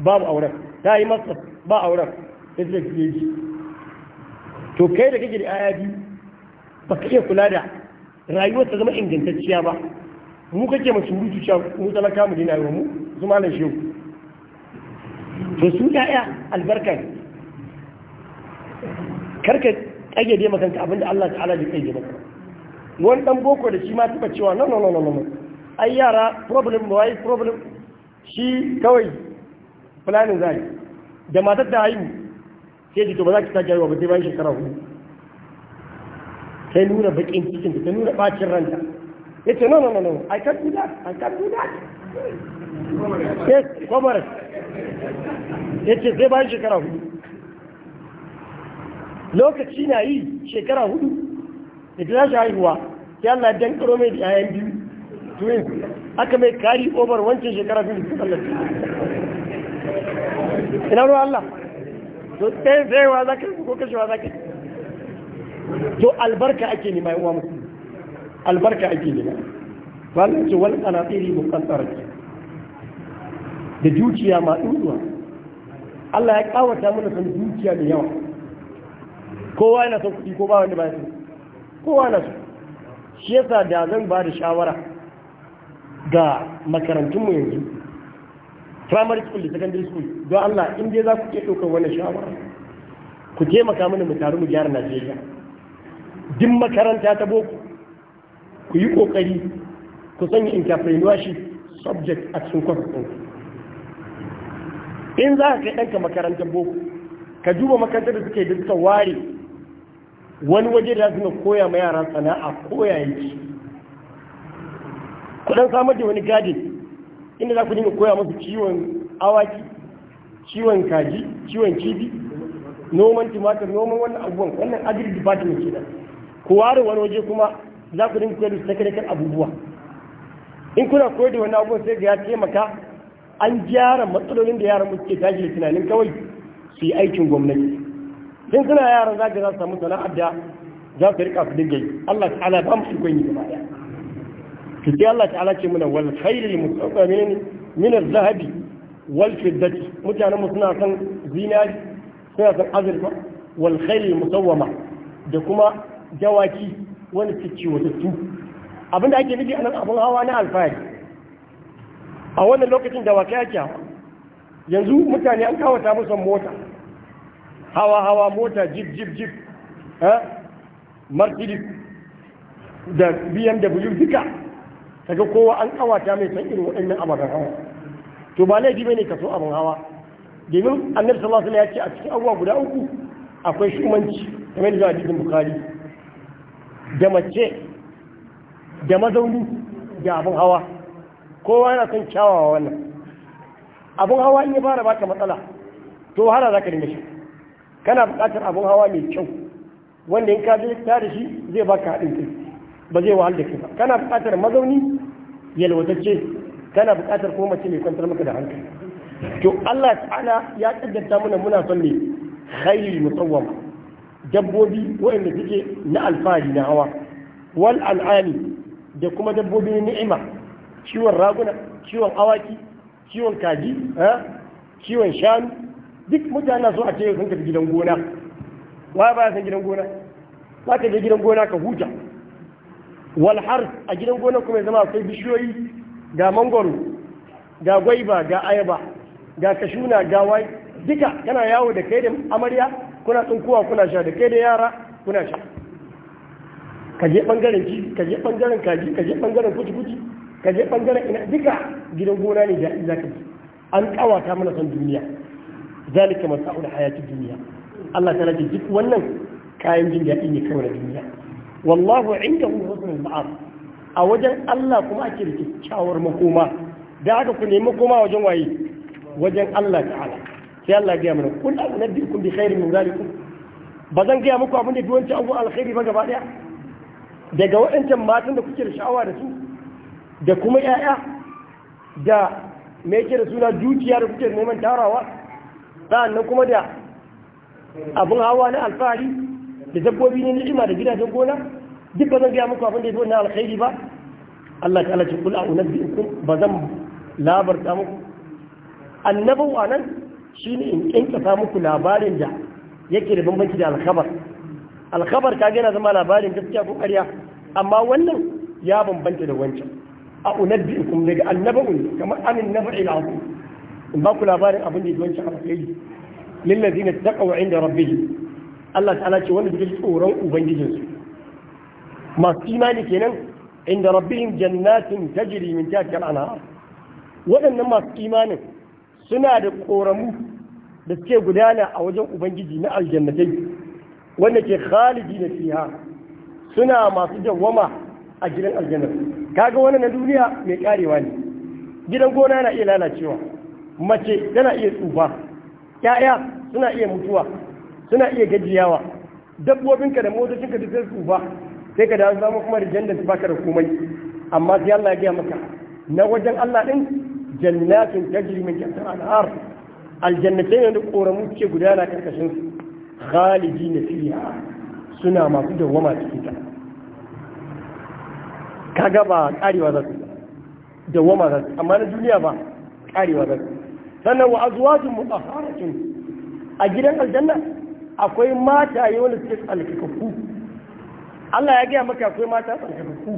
babu auren ta yi masa ba auren ta yi PhD to kai da kake da aya biyu ba ka iya kula da rayuwar ta zama ingantacciya ba mu kake masu rutu cewa mu talaka mu dina mu zuma malam shehu to su ya'ya albarka ne karka kayyade makanka abinda Allah ta'ala bai kai maka wani dan boko da shi ma tuba cewa no no no no no ai yara problem ba wai problem shi kawai planning zai da matar da haihu sai to ba za ki sake haihuwa ba sai bayan shekara hudu sai nuna bakin cikin ta nuna bacin ranta ya ce no no no no I can't do that I can't do that yes kwamar ya ce sai bayan shekara hudu lokaci na yi shekara hudu da ta tashi haihuwa sai Allah dan karo mai da yayan biyu twins aka mai kari over wancan shekara biyu da ta tsallaka ina ruwa Allah to sai tsayewa za ka ko kashewa za ka to albarka ake mai uwa musu albarka ake ne ba na ce wani tsanatsiri mukantar da dukiya ma ɗuɗuwa Allah ya kawata mana san dukiya da yawa kowa yana son kuɗi ko ba wanda ba ya kowa na so shi yasa da zan ba da shawara ga mu yanzu primary school da secondary school don Allah in dai za ku iya ɗaukar wani shawara ku taimaka mana mu taru mu gyara Najeriya duk makaranta ta boko ku yi ƙoƙari ku sanya entrepreneurship subject a cikin kwafin in za ka kai ɗanka makarantar boko ka duba makarantar da suke da ware wani waje da zai koya ma yara sana'a koya yanki ku ɗan samar da wani gadin inda za ku dinga koya musu ciwon awaki ciwon kaji ciwon cibi, noman tumatir noman wannan abubuwan wannan agri department kenan ku ware wani waje kuma za ku dinga koyar da sakadakar abubuwa in kuna koyar da wani abubuwa sai ga ya taimaka an gyara matsalolin da yaran muke tashi da tunanin kawai su yi aikin gwamnati sun suna yaran za ka za su samu sana'ar da za su rika su dinga yi Allah ta'ala ba mu shi kwanye gaba daya to sai Allah ta'ala ce muna wal khairil mutaqamin min az-zahabi wal fiddati mutanen mu suna san zinari suna san azurfa wal khairil musawwama da kuma jawaki wani cicci wata tu abinda ake nufi nan abin hawa na alfahari a wannan lokacin da waka yake hawa yanzu mutane an kawata musu mota hawa hawa mota jib jib jib ha eh, mercedes da bmw duka kaga kowa an kawata mai san irin waɗannan abin hawa to ba laifi bane ka so abin hawa domin annabi sallallahu alaihi wasallam ya ce a cikin abubuwa guda uku akwai shumanci kamar da hadisin bukhari da mace da mazauni da abin hawa kowa yana son kyawawa wannan abin hawa in ya fara baka matsala to wahala za ka dinga shi kana buƙatar abin hawa mai kyau wanda in ka je da shi zai baka haɗin kai ba zai wahal da ke ba kana buƙatar mazauni yalwatacce kana buƙatar kuma mace mai kwantar maka da hankali to Allah ta'ala ya kaddanta mana muna son ne khairul musawwama dabbobi wanda suke na alfahari na hawa wal an'ami da kuma dabbobi dabbobin ni'ima ciwon raguna ciwon awaki ciwon kaji ciwon shanu duk mutane so a ce sun tafi gidan gona wa ba san gidan gona ba ka je gidan gona ka huta walhar a gidan gonar kuma ya zama akwai bishiyoyi ga mangoro ga gwaiba ga ayaba ga kashuna ga wai duka kana yawo da kai da amarya kuna tsinkowa kuna sha da kai da yara kuna sha ka je bangaren ci ka je bangaren kaji ka je bangaren kuci kuci ka je bangaren ina duka gidan gona ne da za ka ji an kawata mana son duniya zalika masa'ul hayati duniya Allah ta rage duk wannan kayan jin daɗi ne kawai duniya wallahu indahu husnul ma'ab a wajen Allah kuma ake da kyakkyawar makoma da haka ku nemi makoma wajen waye wajen Allah ta'ala sai Allah ya mana kun kun bi khairin min zalikum ba zan gaya muku abin da fi wancan abu alkhairi ba gaba daya daga waɗancan matan da kuke da sha'awa da su da kuma 'ya'ya da me yake da suna dukiya da kuke neman tarawa sa'annan kuma da abun hawa na alfahari da dabbobi na ni'ima da gidajen gona duk ba zan gaya muku abin da ya zo na alkhairi ba Allah ta'ala ce kula a unabbi'ukum ba zan labarta muku annabawa anan shine in kinkasa muku labarin da yake da bambanci da alkhabar alkhabar ka gina zama labarin gaskiya ko ƙarya amma wannan ya bambanta da wancan a unabbi'ukum daga ne kamar anin naba'il azim in ba ku labarin abin da ya wancan alkhairi lillazina taqaw inda rabbihim Allah ta'ala ce wanda suke tsoron ubangijinsu masu imani kenan inda rabbihim jannatin tajri min tahtiha al-anhar waɗannan masu imanin suna da koramu da suke gudana a wajen ubangiji na aljannatai wanda ke khalidi na fiha suna masu dawwama a gidan aljannat kaga wannan na duniya mai karewa ne gidan gona na iya lalacewa mace tana iya tsufa 'ya'ya suna iya mutuwa suna iya gajiyawa dabbobinka da motocinka duk sai tsufa sai ka dawo samu kuma rijan da baka da komai amma sai Allah ya gaya maka na wajen Allah din jannatin tajri min tahtiha al-anhar aljannatai ne koramu ce gudana karkashin su khalidin fiha suna masu dawwama cikin ta kaga ba karewa za su dawwama za su amma na duniya ba karewa za su sannan wa azwajun mutahharatun a gidan aljanna akwai mata yi wani suke tsalkakakku Allah ya gaya maka akwai mata tsalkakakku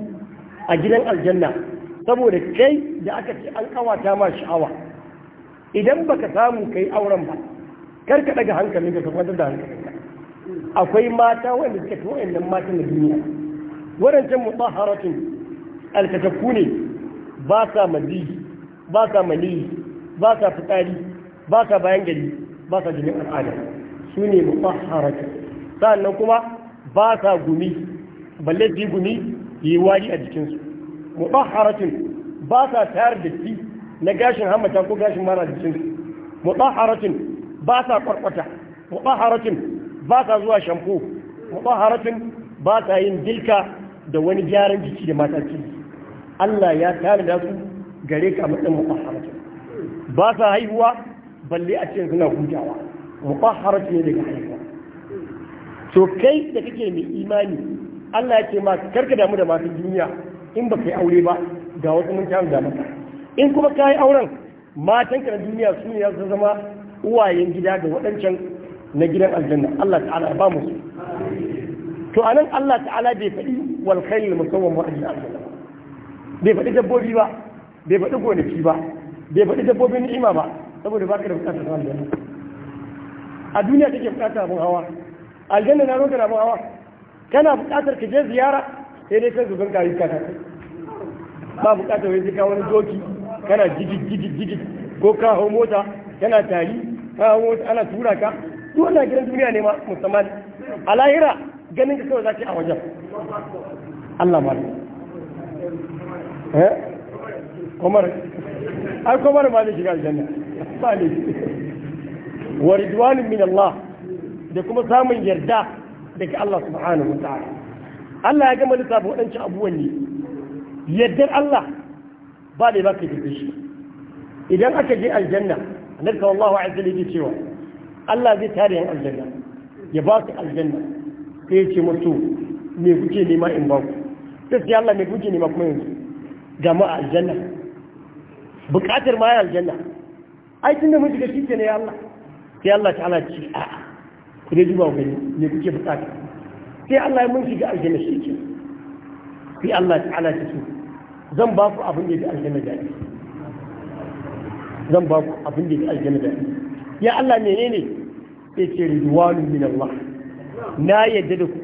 a gidan aljanna saboda kai da aka ce an kawata ma sha'awa idan baka samu kai auren ba kar daga hankalinka ka kwantar da hankalinka akwai mata wanda suka tuwa inda mata na duniya waɗancan haratun alkatakku ne ba sa mali ba sa mali ba sa fitsari ba sa bayan gari ba sa jinin al'ada Sune ne sannan kuma ba sa gumi balle ji gumi yi wari a jikinsu mutahharatun ba sa tayar da ci na gashin hamata ko gashin mara jikinsu mutahharatun ba sa kwarkwata mutahharatun ba sa zuwa shampo mutahharatun ba sa yin dilka da wani gyaran jiki da mata Allah ya tare da su gare ka matsayin mutahharatun ba sa haihuwa balle a cikin suna hujawa mutahhara ce daga haifa to kai da kake mai imani Allah ya ce ma karka damu da masu duniya in ba kai aure ba ga wasu mun kyan da in kuma ka yi auren matan ka na duniya su ne su zama uwayen gida ga waɗancan na gidan aljanna Allah ta'ala ba mu to anan Allah ta'ala bai faɗi wal khayl musawwam wa ajli aljanna bai faɗi dabbobi ba bai faɗi gonaki ba bai faɗi dabbobin ni'ima ba saboda ba ka da bukatar aljanna a duniya take bukatar abin hawa aljanna na roƙar abin hawa kana bukatar ka je ziyara sai dai kan zuban gari kaka ba bukatar wani ka wani doki kana jigit jigit jigit ko ka hau mota kana tari ka hau mota ana tura ka duk wannan gidan duniya ne ma musamman a lahira ganin ka kawai zaki a wajen Allah ma eh Komar, ai Komar ma ne shiga aljanna, ba ne. wa ridwanun min Allah da kuma samun yarda daga Allah subhanahu wa ta'ala Allah ya gama lissafa waɗancan abubuwan ne yardar Allah ba da ba ka tafi shi idan aka je aljanna annabi sallallahu alaihi wasallam yake cewa Allah zai tare yan aljanna ya ba su aljanna sai ya ce musu me kuke nema in ba ku sai Allah me kuke nema kuma yanzu jama'a aljanna bukatar ma aljanna ai tunda mun shiga shi ne ya Allah sai Allah ta'ala ce a ku dai duba gani me kuke bukata sai Allah ya mun shiga aljanna shi ke sai Allah ta'ala ta ce zan ba ku abin da ya aljanna da zan ba ku abin da ya aljanna da ni ya Allah menene sai ce ridwanu min Allah na yadda da ku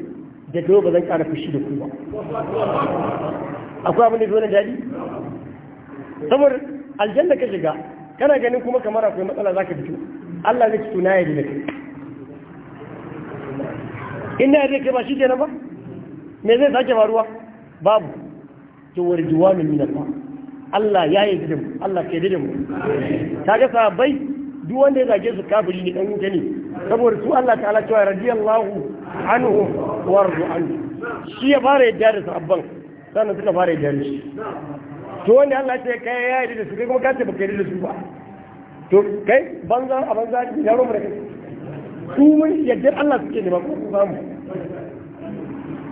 da dole ba zan ƙara fushi da ku ba akwai abin da dole dadi saboda aljanna ka shiga kana ganin kuma kamar akwai matsala za zaka fito Allah zai ci tunaye ya dina kai in na yadda kai ba shi kenan ba me zai sake faruwa babu to warjuwanin min ba. Allah ya yi didin Allah ke didin mu ta ga sabai duk wanda ya zage su kafiri ne dan wuta ne saboda su Allah ta'ala cewa radiyallahu anhu warzu anhu shi ya fara yadda da sahabban sannan suka fara yadda da shi to wanda Allah ya ce kai ya yi da su kai kuma ka ce baka yi da su ba to kai banza a banza ya roba da kai su mun yaddar Allah suke ne ba ko samu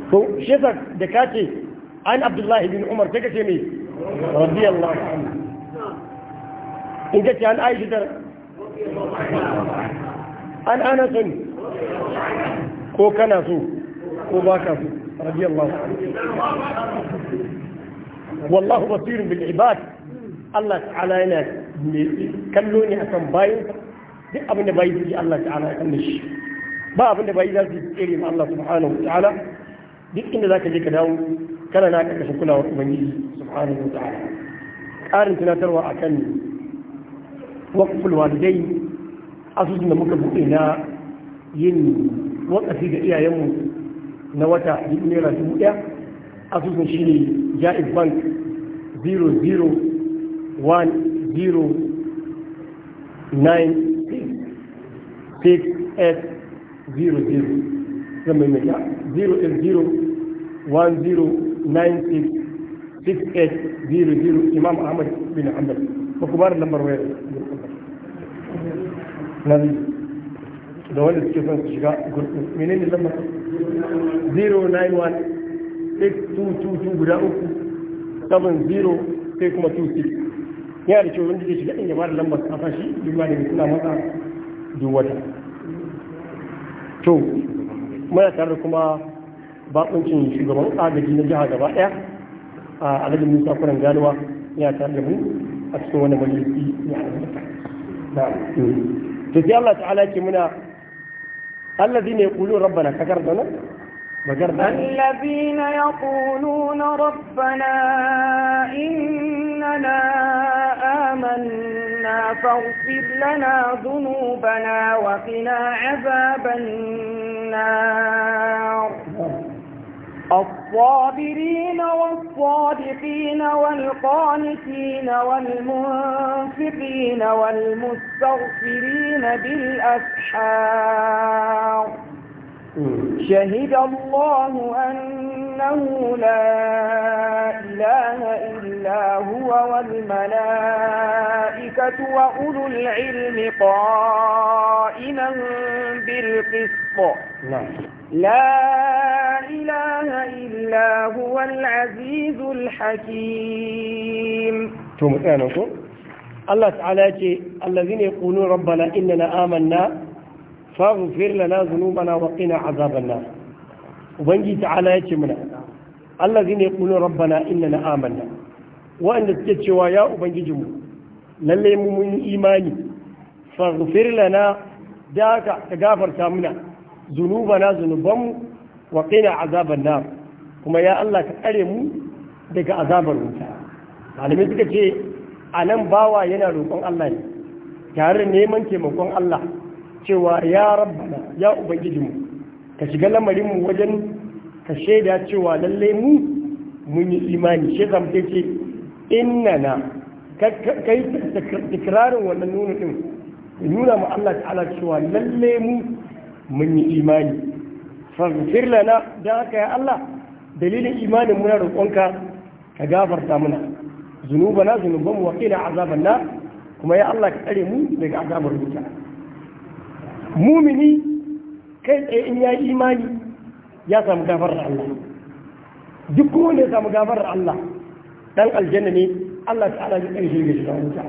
to shi yasa da kace an Abdullah ibn Umar take ce me radiyallahu anhu in kace an Aisha da an Anas ko kana so ko baka so radiyallahu anhu wallahu basirun bil ibad Allah ta'ala yana kallo ne akan bayan duk abin da bayi zai Allah ta'ala kan da shi ba abinda da bayi za su tsere ma Allah subhanahu wa ta'ala duk inda zaka je ka dawo kana na karkashin kulawar ubangiji subhanahu wa ta'ala ƙarin tunatarwa akan waqful walidai asusun da muka buɗe na yin wakafi ga iyayenmu na wata dubu naira dubu ɗaya asusun shine jaiz bank 001 0966800 zan mai mata 08010966800 imam ahmad bin hanbal ba lambar na da wanda suke son su shiga gurbin menene lambar guda uku sai kuma yana da kyau wanda zai shiga ɗin jama'ar lambar kafa shi duba da kula masa duk wata to muna tare kuma bakuncin shugaban agaji na jiha gaba ɗaya a alhaji musa kuran ganuwa yana tare da mu a cikin wani majalisi ya albarka to sai Allah ta'ala ke muna الذين يقولون ربنا كفرت لنا الذين يقولون ربنا إننا آمنا فاغفر لنا ذنوبنا وقنا عذاب النار الصابرين والصادقين والقانتين والمنفقين والمستغفرين بالأسحار شهد الله أن أنه لا إله إلا هو والملائكة وأولو العلم قائما بالقسط نعم. لا إله إلا هو العزيز الحكيم إيه الله تعالى الذين يقولون ربنا إننا آمنا فاغفر لنا ذنوبنا وقنا عذاب النار ubangiji ta'ala ya ce mana Allah zai ne kulun rabbana inna na amanna wa'anda suke cewa ya ubangiji mu? lalle mu mun yi imani faghfir lana da ka gafarta muna zunubana mu, wa qina azaban nar kuma ya Allah ka kare mu daga azabar wuta Malami suka ce anan bawa yana roƙon Allah ne tare neman taimakon Allah cewa ya rabbana ya ubangijinmu ka shiga lamarinmu wajen ka shaida cewa lallai mu mun yi imani shi zamta ce ka kai tikirarin wannan nuna din nuna mu Allah ta'ala cewa lallai mu mun yi imani faghfir lana da haka ya Allah dalilin imanin muna roƙonka ka gafarta mana zunubana zunubanmu wa qina azaban na, kuma ya Allah ka tsare mu daga azabar wuta mumini kai tsaye in ya yi imani ya samu gafarar Allah duk kuma ne ya samu gafarar Allah dan aljanna ne Allah ta'ala ya shi ga shiga wuta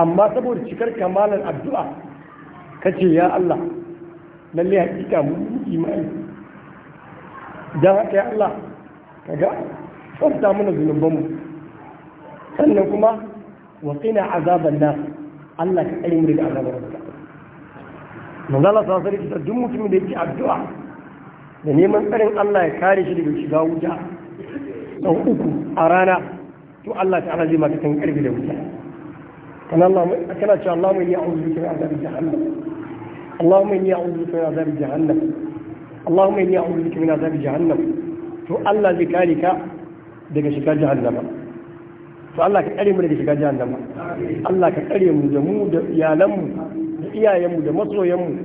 amma saboda cikar kamalan addu'a kace ya Allah lalle hakika mun imani dan haka ya Allah kaga farta mana zunubanmu sannan kuma wa qina azaban nar Allah ka tsare mu da azabar wuta manzala sa sarki ta duk mutumin da yake addu'a da neman tsarin Allah ya kare shi daga shiga wuta sau uku a rana to Allah ta'ala zai maka kan karfi da wuta kana Allah kana cewa Allah mai ya'udhu bika min azabi jahannam Allah mai ya'udhu bika min azabi jahannam Allah mai ya'udhu bika min azabi jahannam to Allah zai kare ka daga shiga jahannama to Allah ka kare mu daga shiga jahannama Allah ka kare mu da mu da iyalan mu iyayenmu da masoyanmu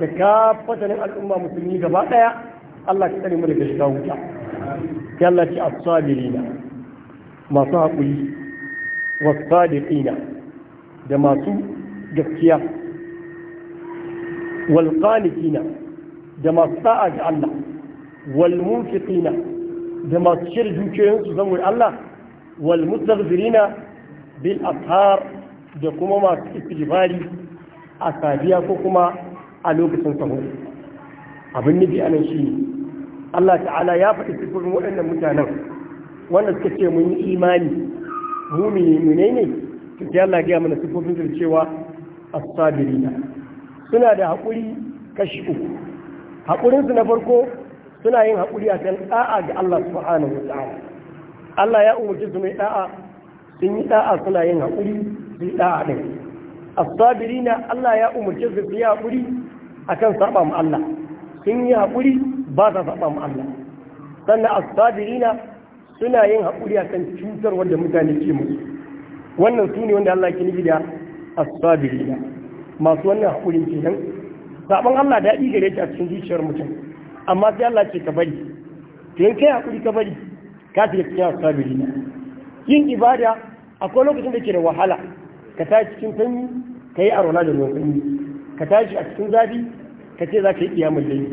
da kafatanin al'umma musulmi gaba ɗaya Allah ka tsare mu daga shiga wuta ya Allah ce as-sabirina masu haƙuri was-sadiqina da masu gaskiya wal qanitina da masu sa'a ga Allah wal munfiqina da masu shirya su zan Allah wal mustaghfirina bil ashar da kuma masu istighfari a safiya ko kuma a lokacin sahu, abin nufi a nan shi Allah ta'ala ya faɗi cikin waɗannan mutanen wanda suka ce mun yi imani mu ne ne to ce Allah ya mana sifofin da cewa as suna da haƙuri kashi uku haƙurinsu na farko suna yin haƙuri a kan ɗa'a ga Allah subhanahu wa ta'ala Allah ya umarci su mai ɗa'a sun yi ɗa'a suna yin haƙuri su yi ɗa'a ɗin asabiri na Allah ya umarci su su yi haƙuri akan saba mu Allah sun yi haƙuri ba sa saba mu Allah sannan asabiri na suna yin haƙuri akan cutar wanda mutane ke musu wannan su ne wanda Allah ke nufi da asabiri na masu wannan haƙurin kenan saban Allah daɗi gare ta a cikin zuciyar mutum amma sai Allah ce ka bari to yin kai haƙuri ka bari ka tafi cikin as yin ibada akwai lokacin da ke da wahala ka tashi cikin sanyi ka yi arona da ruwan sanyi ka tashi a cikin zafi ka ce za ka yi kiyamun laili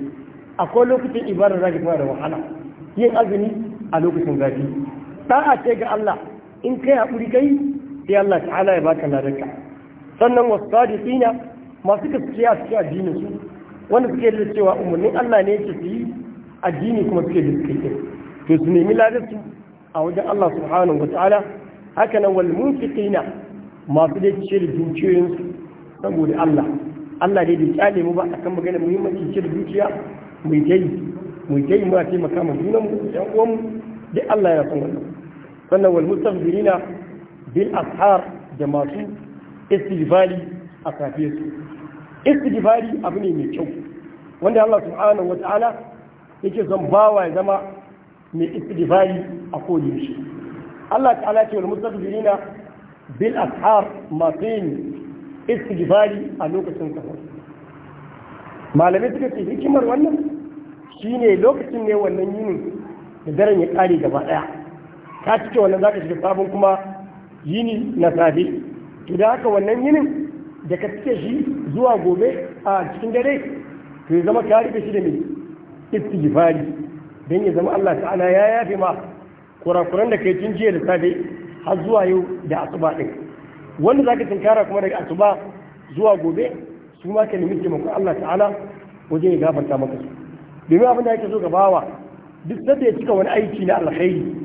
akwai lokacin ibada za ka da wahala yin azumi a lokacin zafi a ce ga Allah in kai haƙuri kai sai Allah ala ya baka ladarka sannan wasu sadiqina masu gaskiya suke addinin su wanda suke da cewa umarnin Allah ne yake su yi addini kuma suke da suke yi to su nemi ladar a wajen Allah subhanahu wa ta'ala haka nan wal munfiqina masu da cire dukiyoyinsu saboda Allah Allah dai bai kyale mu ba a kan magana muhimmanci cire dukiya mu yi tayi mu yi tayi muna taimaka ma junan mu yan uwan dai Allah ya san wannan sannan wal mustaghfirina bil ashar da masu istighfari a safe su istighfari abu ne mai kyau wanda Allah subhanahu wataala yake zan bawa ya zama mai istighfari a kodin shi Allah ta'ala ce wal mustaghfirina bil ashar masu yin istighfari a lokacin kafa malami suka ce hikimar wannan shine lokacin ne wannan yinin da daren ya kare gaba daya ka cike wannan zaka shiga sabon kuma yini na safe to da haka wannan yinin da ka cike shi zuwa gobe a cikin dare to ya zama ka da shi da mai istighfari don ya zama Allah ta'ala ya yafe ma kurakuran da kai tun jiya da safe har zuwa yau da asuba ɗin wanda za ka tunkara kuma daga asuba zuwa gobe su ma ka nemi taimakon Allah ta'ala wajen ya gafarta maka su domin abin da yake so ka bawa duk sanda ya cika wani aiki na alkhairi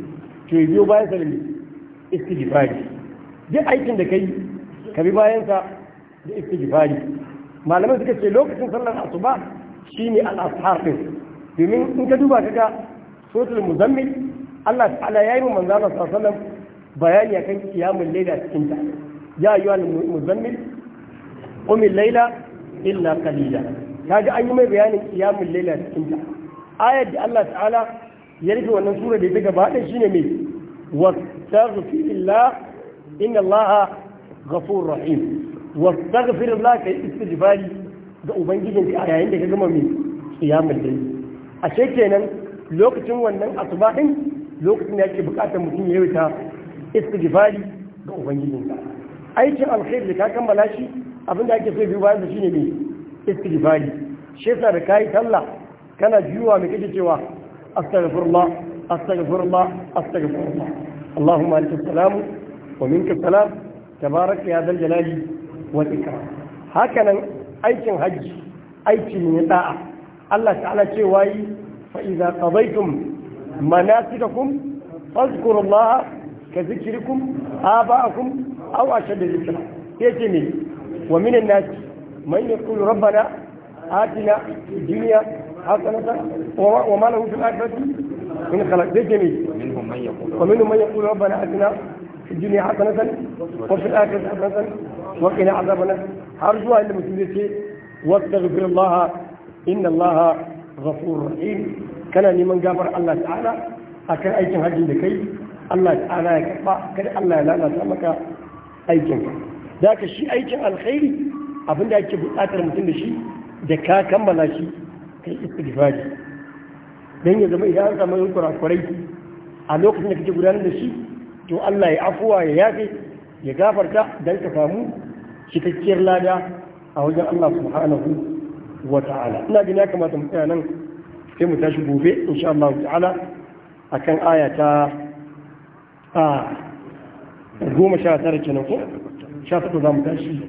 to ya biyo bayan sa da istighfari duk aikin da kai ka bi bayan sa da istighfari malaman suka ce lokacin sallar asuba shi al-ashar din domin in ka duba kaga suratul muzammil Allah ta'ala ya mu manzo Allah sallallahu alaihi bayani akan kiyamun laila cikin ta ya yi wa muzammil umin laila illa kalila kaga an yi mai bayanin kiyamun laila cikin ta da Allah ta'ala ya rufe wannan sura da ya gaba ɗin shine mai wastaghfir illa inna Allah ghafurur rahim wastaghfir lillah kai istighfari ga ubangijinka a yayin da ka gama mai kiyamun laila a kenan lokacin wannan asuba din lokacin da yake bukatar mutum ya yi yawaita istighfari ga ubangijinka aikin alkhairi da ka kammala shi abin da ake so biyu bayan da shine mai istighfari shi yasa da kai talla kana juyuwa mai kake cewa astaghfirullah astaghfirullah astaghfirullah اللهم انت السلام ومنك السلام تبارك يا ذا الجلال والاكرام hakanan aikin hajji aiki ne da'a Allah ta'ala ce wayi fa idza qadaytum manasikakum fadhkurullaha ka zikirikum aba'akum aw ashadda zikra yace ne wa minan nas man yaqulu rabbana atina dunya hasanatan wa ma lahu fil akhirati min khalaq yace ne wa minhum man yaqulu rabbana atina في الدنيا حسنة وفي الآخرة حسنة وقنا عذاب النار أرجو أن المسلمين واستغفر الله إن الله غفور رحيم كان لمن جابر الله تعالى aikin hajji da kai. Allah ta'ala ya karba kada Allah ya lalata maka aikin da ka shi aikin alkhairi abinda ake buƙatar mutum da shi da ka kammala shi kai istighfari dan ya zama idan an samu kurakurai a lokacin da kake gudanar da shi to Allah ya afuwa ya yafe ya gafarta dan ka samu cikakkiyar lada a wajen Allah subhanahu wa ina gina ya kamata mu tsaya nan sai mu tashi gobe insha Allah ta'ala akan aya ta a goma sha tara kenan ko sha takwas za mu tashi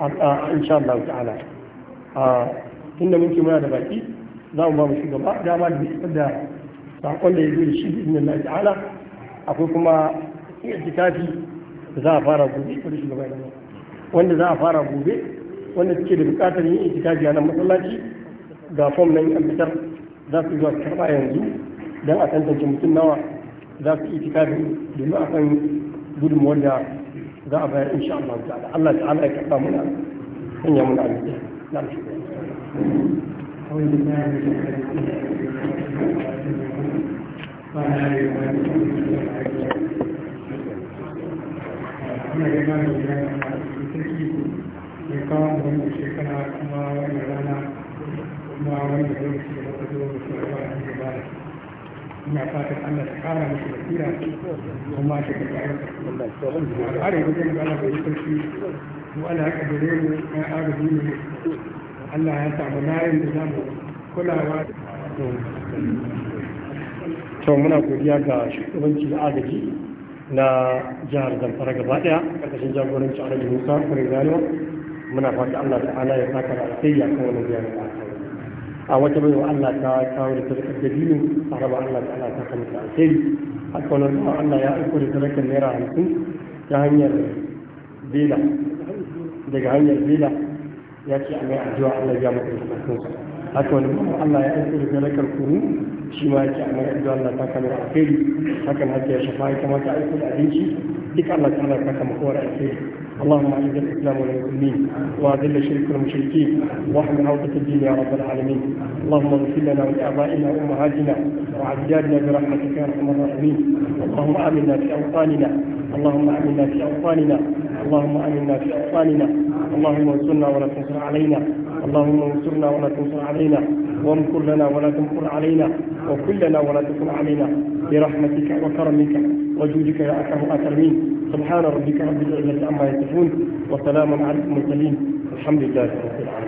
a insha Allah ta'ala a tunda muke muna da baki za mu ba mu shugaba dama da isar da sakon da ya zo da shi da inna ta'ala akwai kuma itikafi da za a fara gobe ko da shugaba ya wanda za a fara gobe wanda suke da bukatar yin itikafi a nan masallaci ga fom nan an fitar za su zuwa karɓa yanzu don a tantance mutum nawa za su yi tikafi domin a kan gudunmuwar da za a bayar insha Allah ala Allah ala ya karɓa muna sanya muna alƙi na shekara kuma wani ina fatan Allah ta kara masa basira kuma ta ta kara masa har yanzu zan ga Allah bai sarki mu ana haka gare mu ya agaji mu Allah ya samu nayin da za mu kulawa to muna godiya ga shugabanci da agaji na jihar zamfara gaba daya karkashin jagoranci alhaji musa kare gano muna fata allah ta'ala ya saka da alkhairi akan wannan jihar a wata bai wa Allah ta kawo da sadakar da biyu a raba Allah ta Allah ta kamata a sai haka wannan ba Allah ya aiko da sadakar naira hamsin ta hanyar bela daga hanyar bela ya ce a mai addu'a Allah ya mutu da sadakar haka wani ba Allah ya aiko da sadakar kunu shi ma ya ce a mai addu'a Allah ta kamata a sai hakan haka ya shafa ya kamata aiko da abinci duk Allah ta Allah ta kamata yi sai اللهم اعز الاسلام والمسلمين واذل الشرك والمشركين واحمد عوده الدين يا رب العالمين اللهم اغفر لنا ولابائنا وامهاتنا وعبادنا برحمتك يا ارحم الراحمين اللهم امنا في اوطاننا اللهم امنا في اوطاننا اللهم امنا في اوطاننا اللهم انصرنا ولا تنصر علينا اللهم انصرنا ولا تنصر علينا وامكر لنا ولا تمكر علينا وكلنا ولا تكن علينا برحمتك وكرمك وجودك يا أكرم الاكرمين سبحان ربك رب العزة عما يصفون وسلام على المرسلين الحمد لله رب العالمين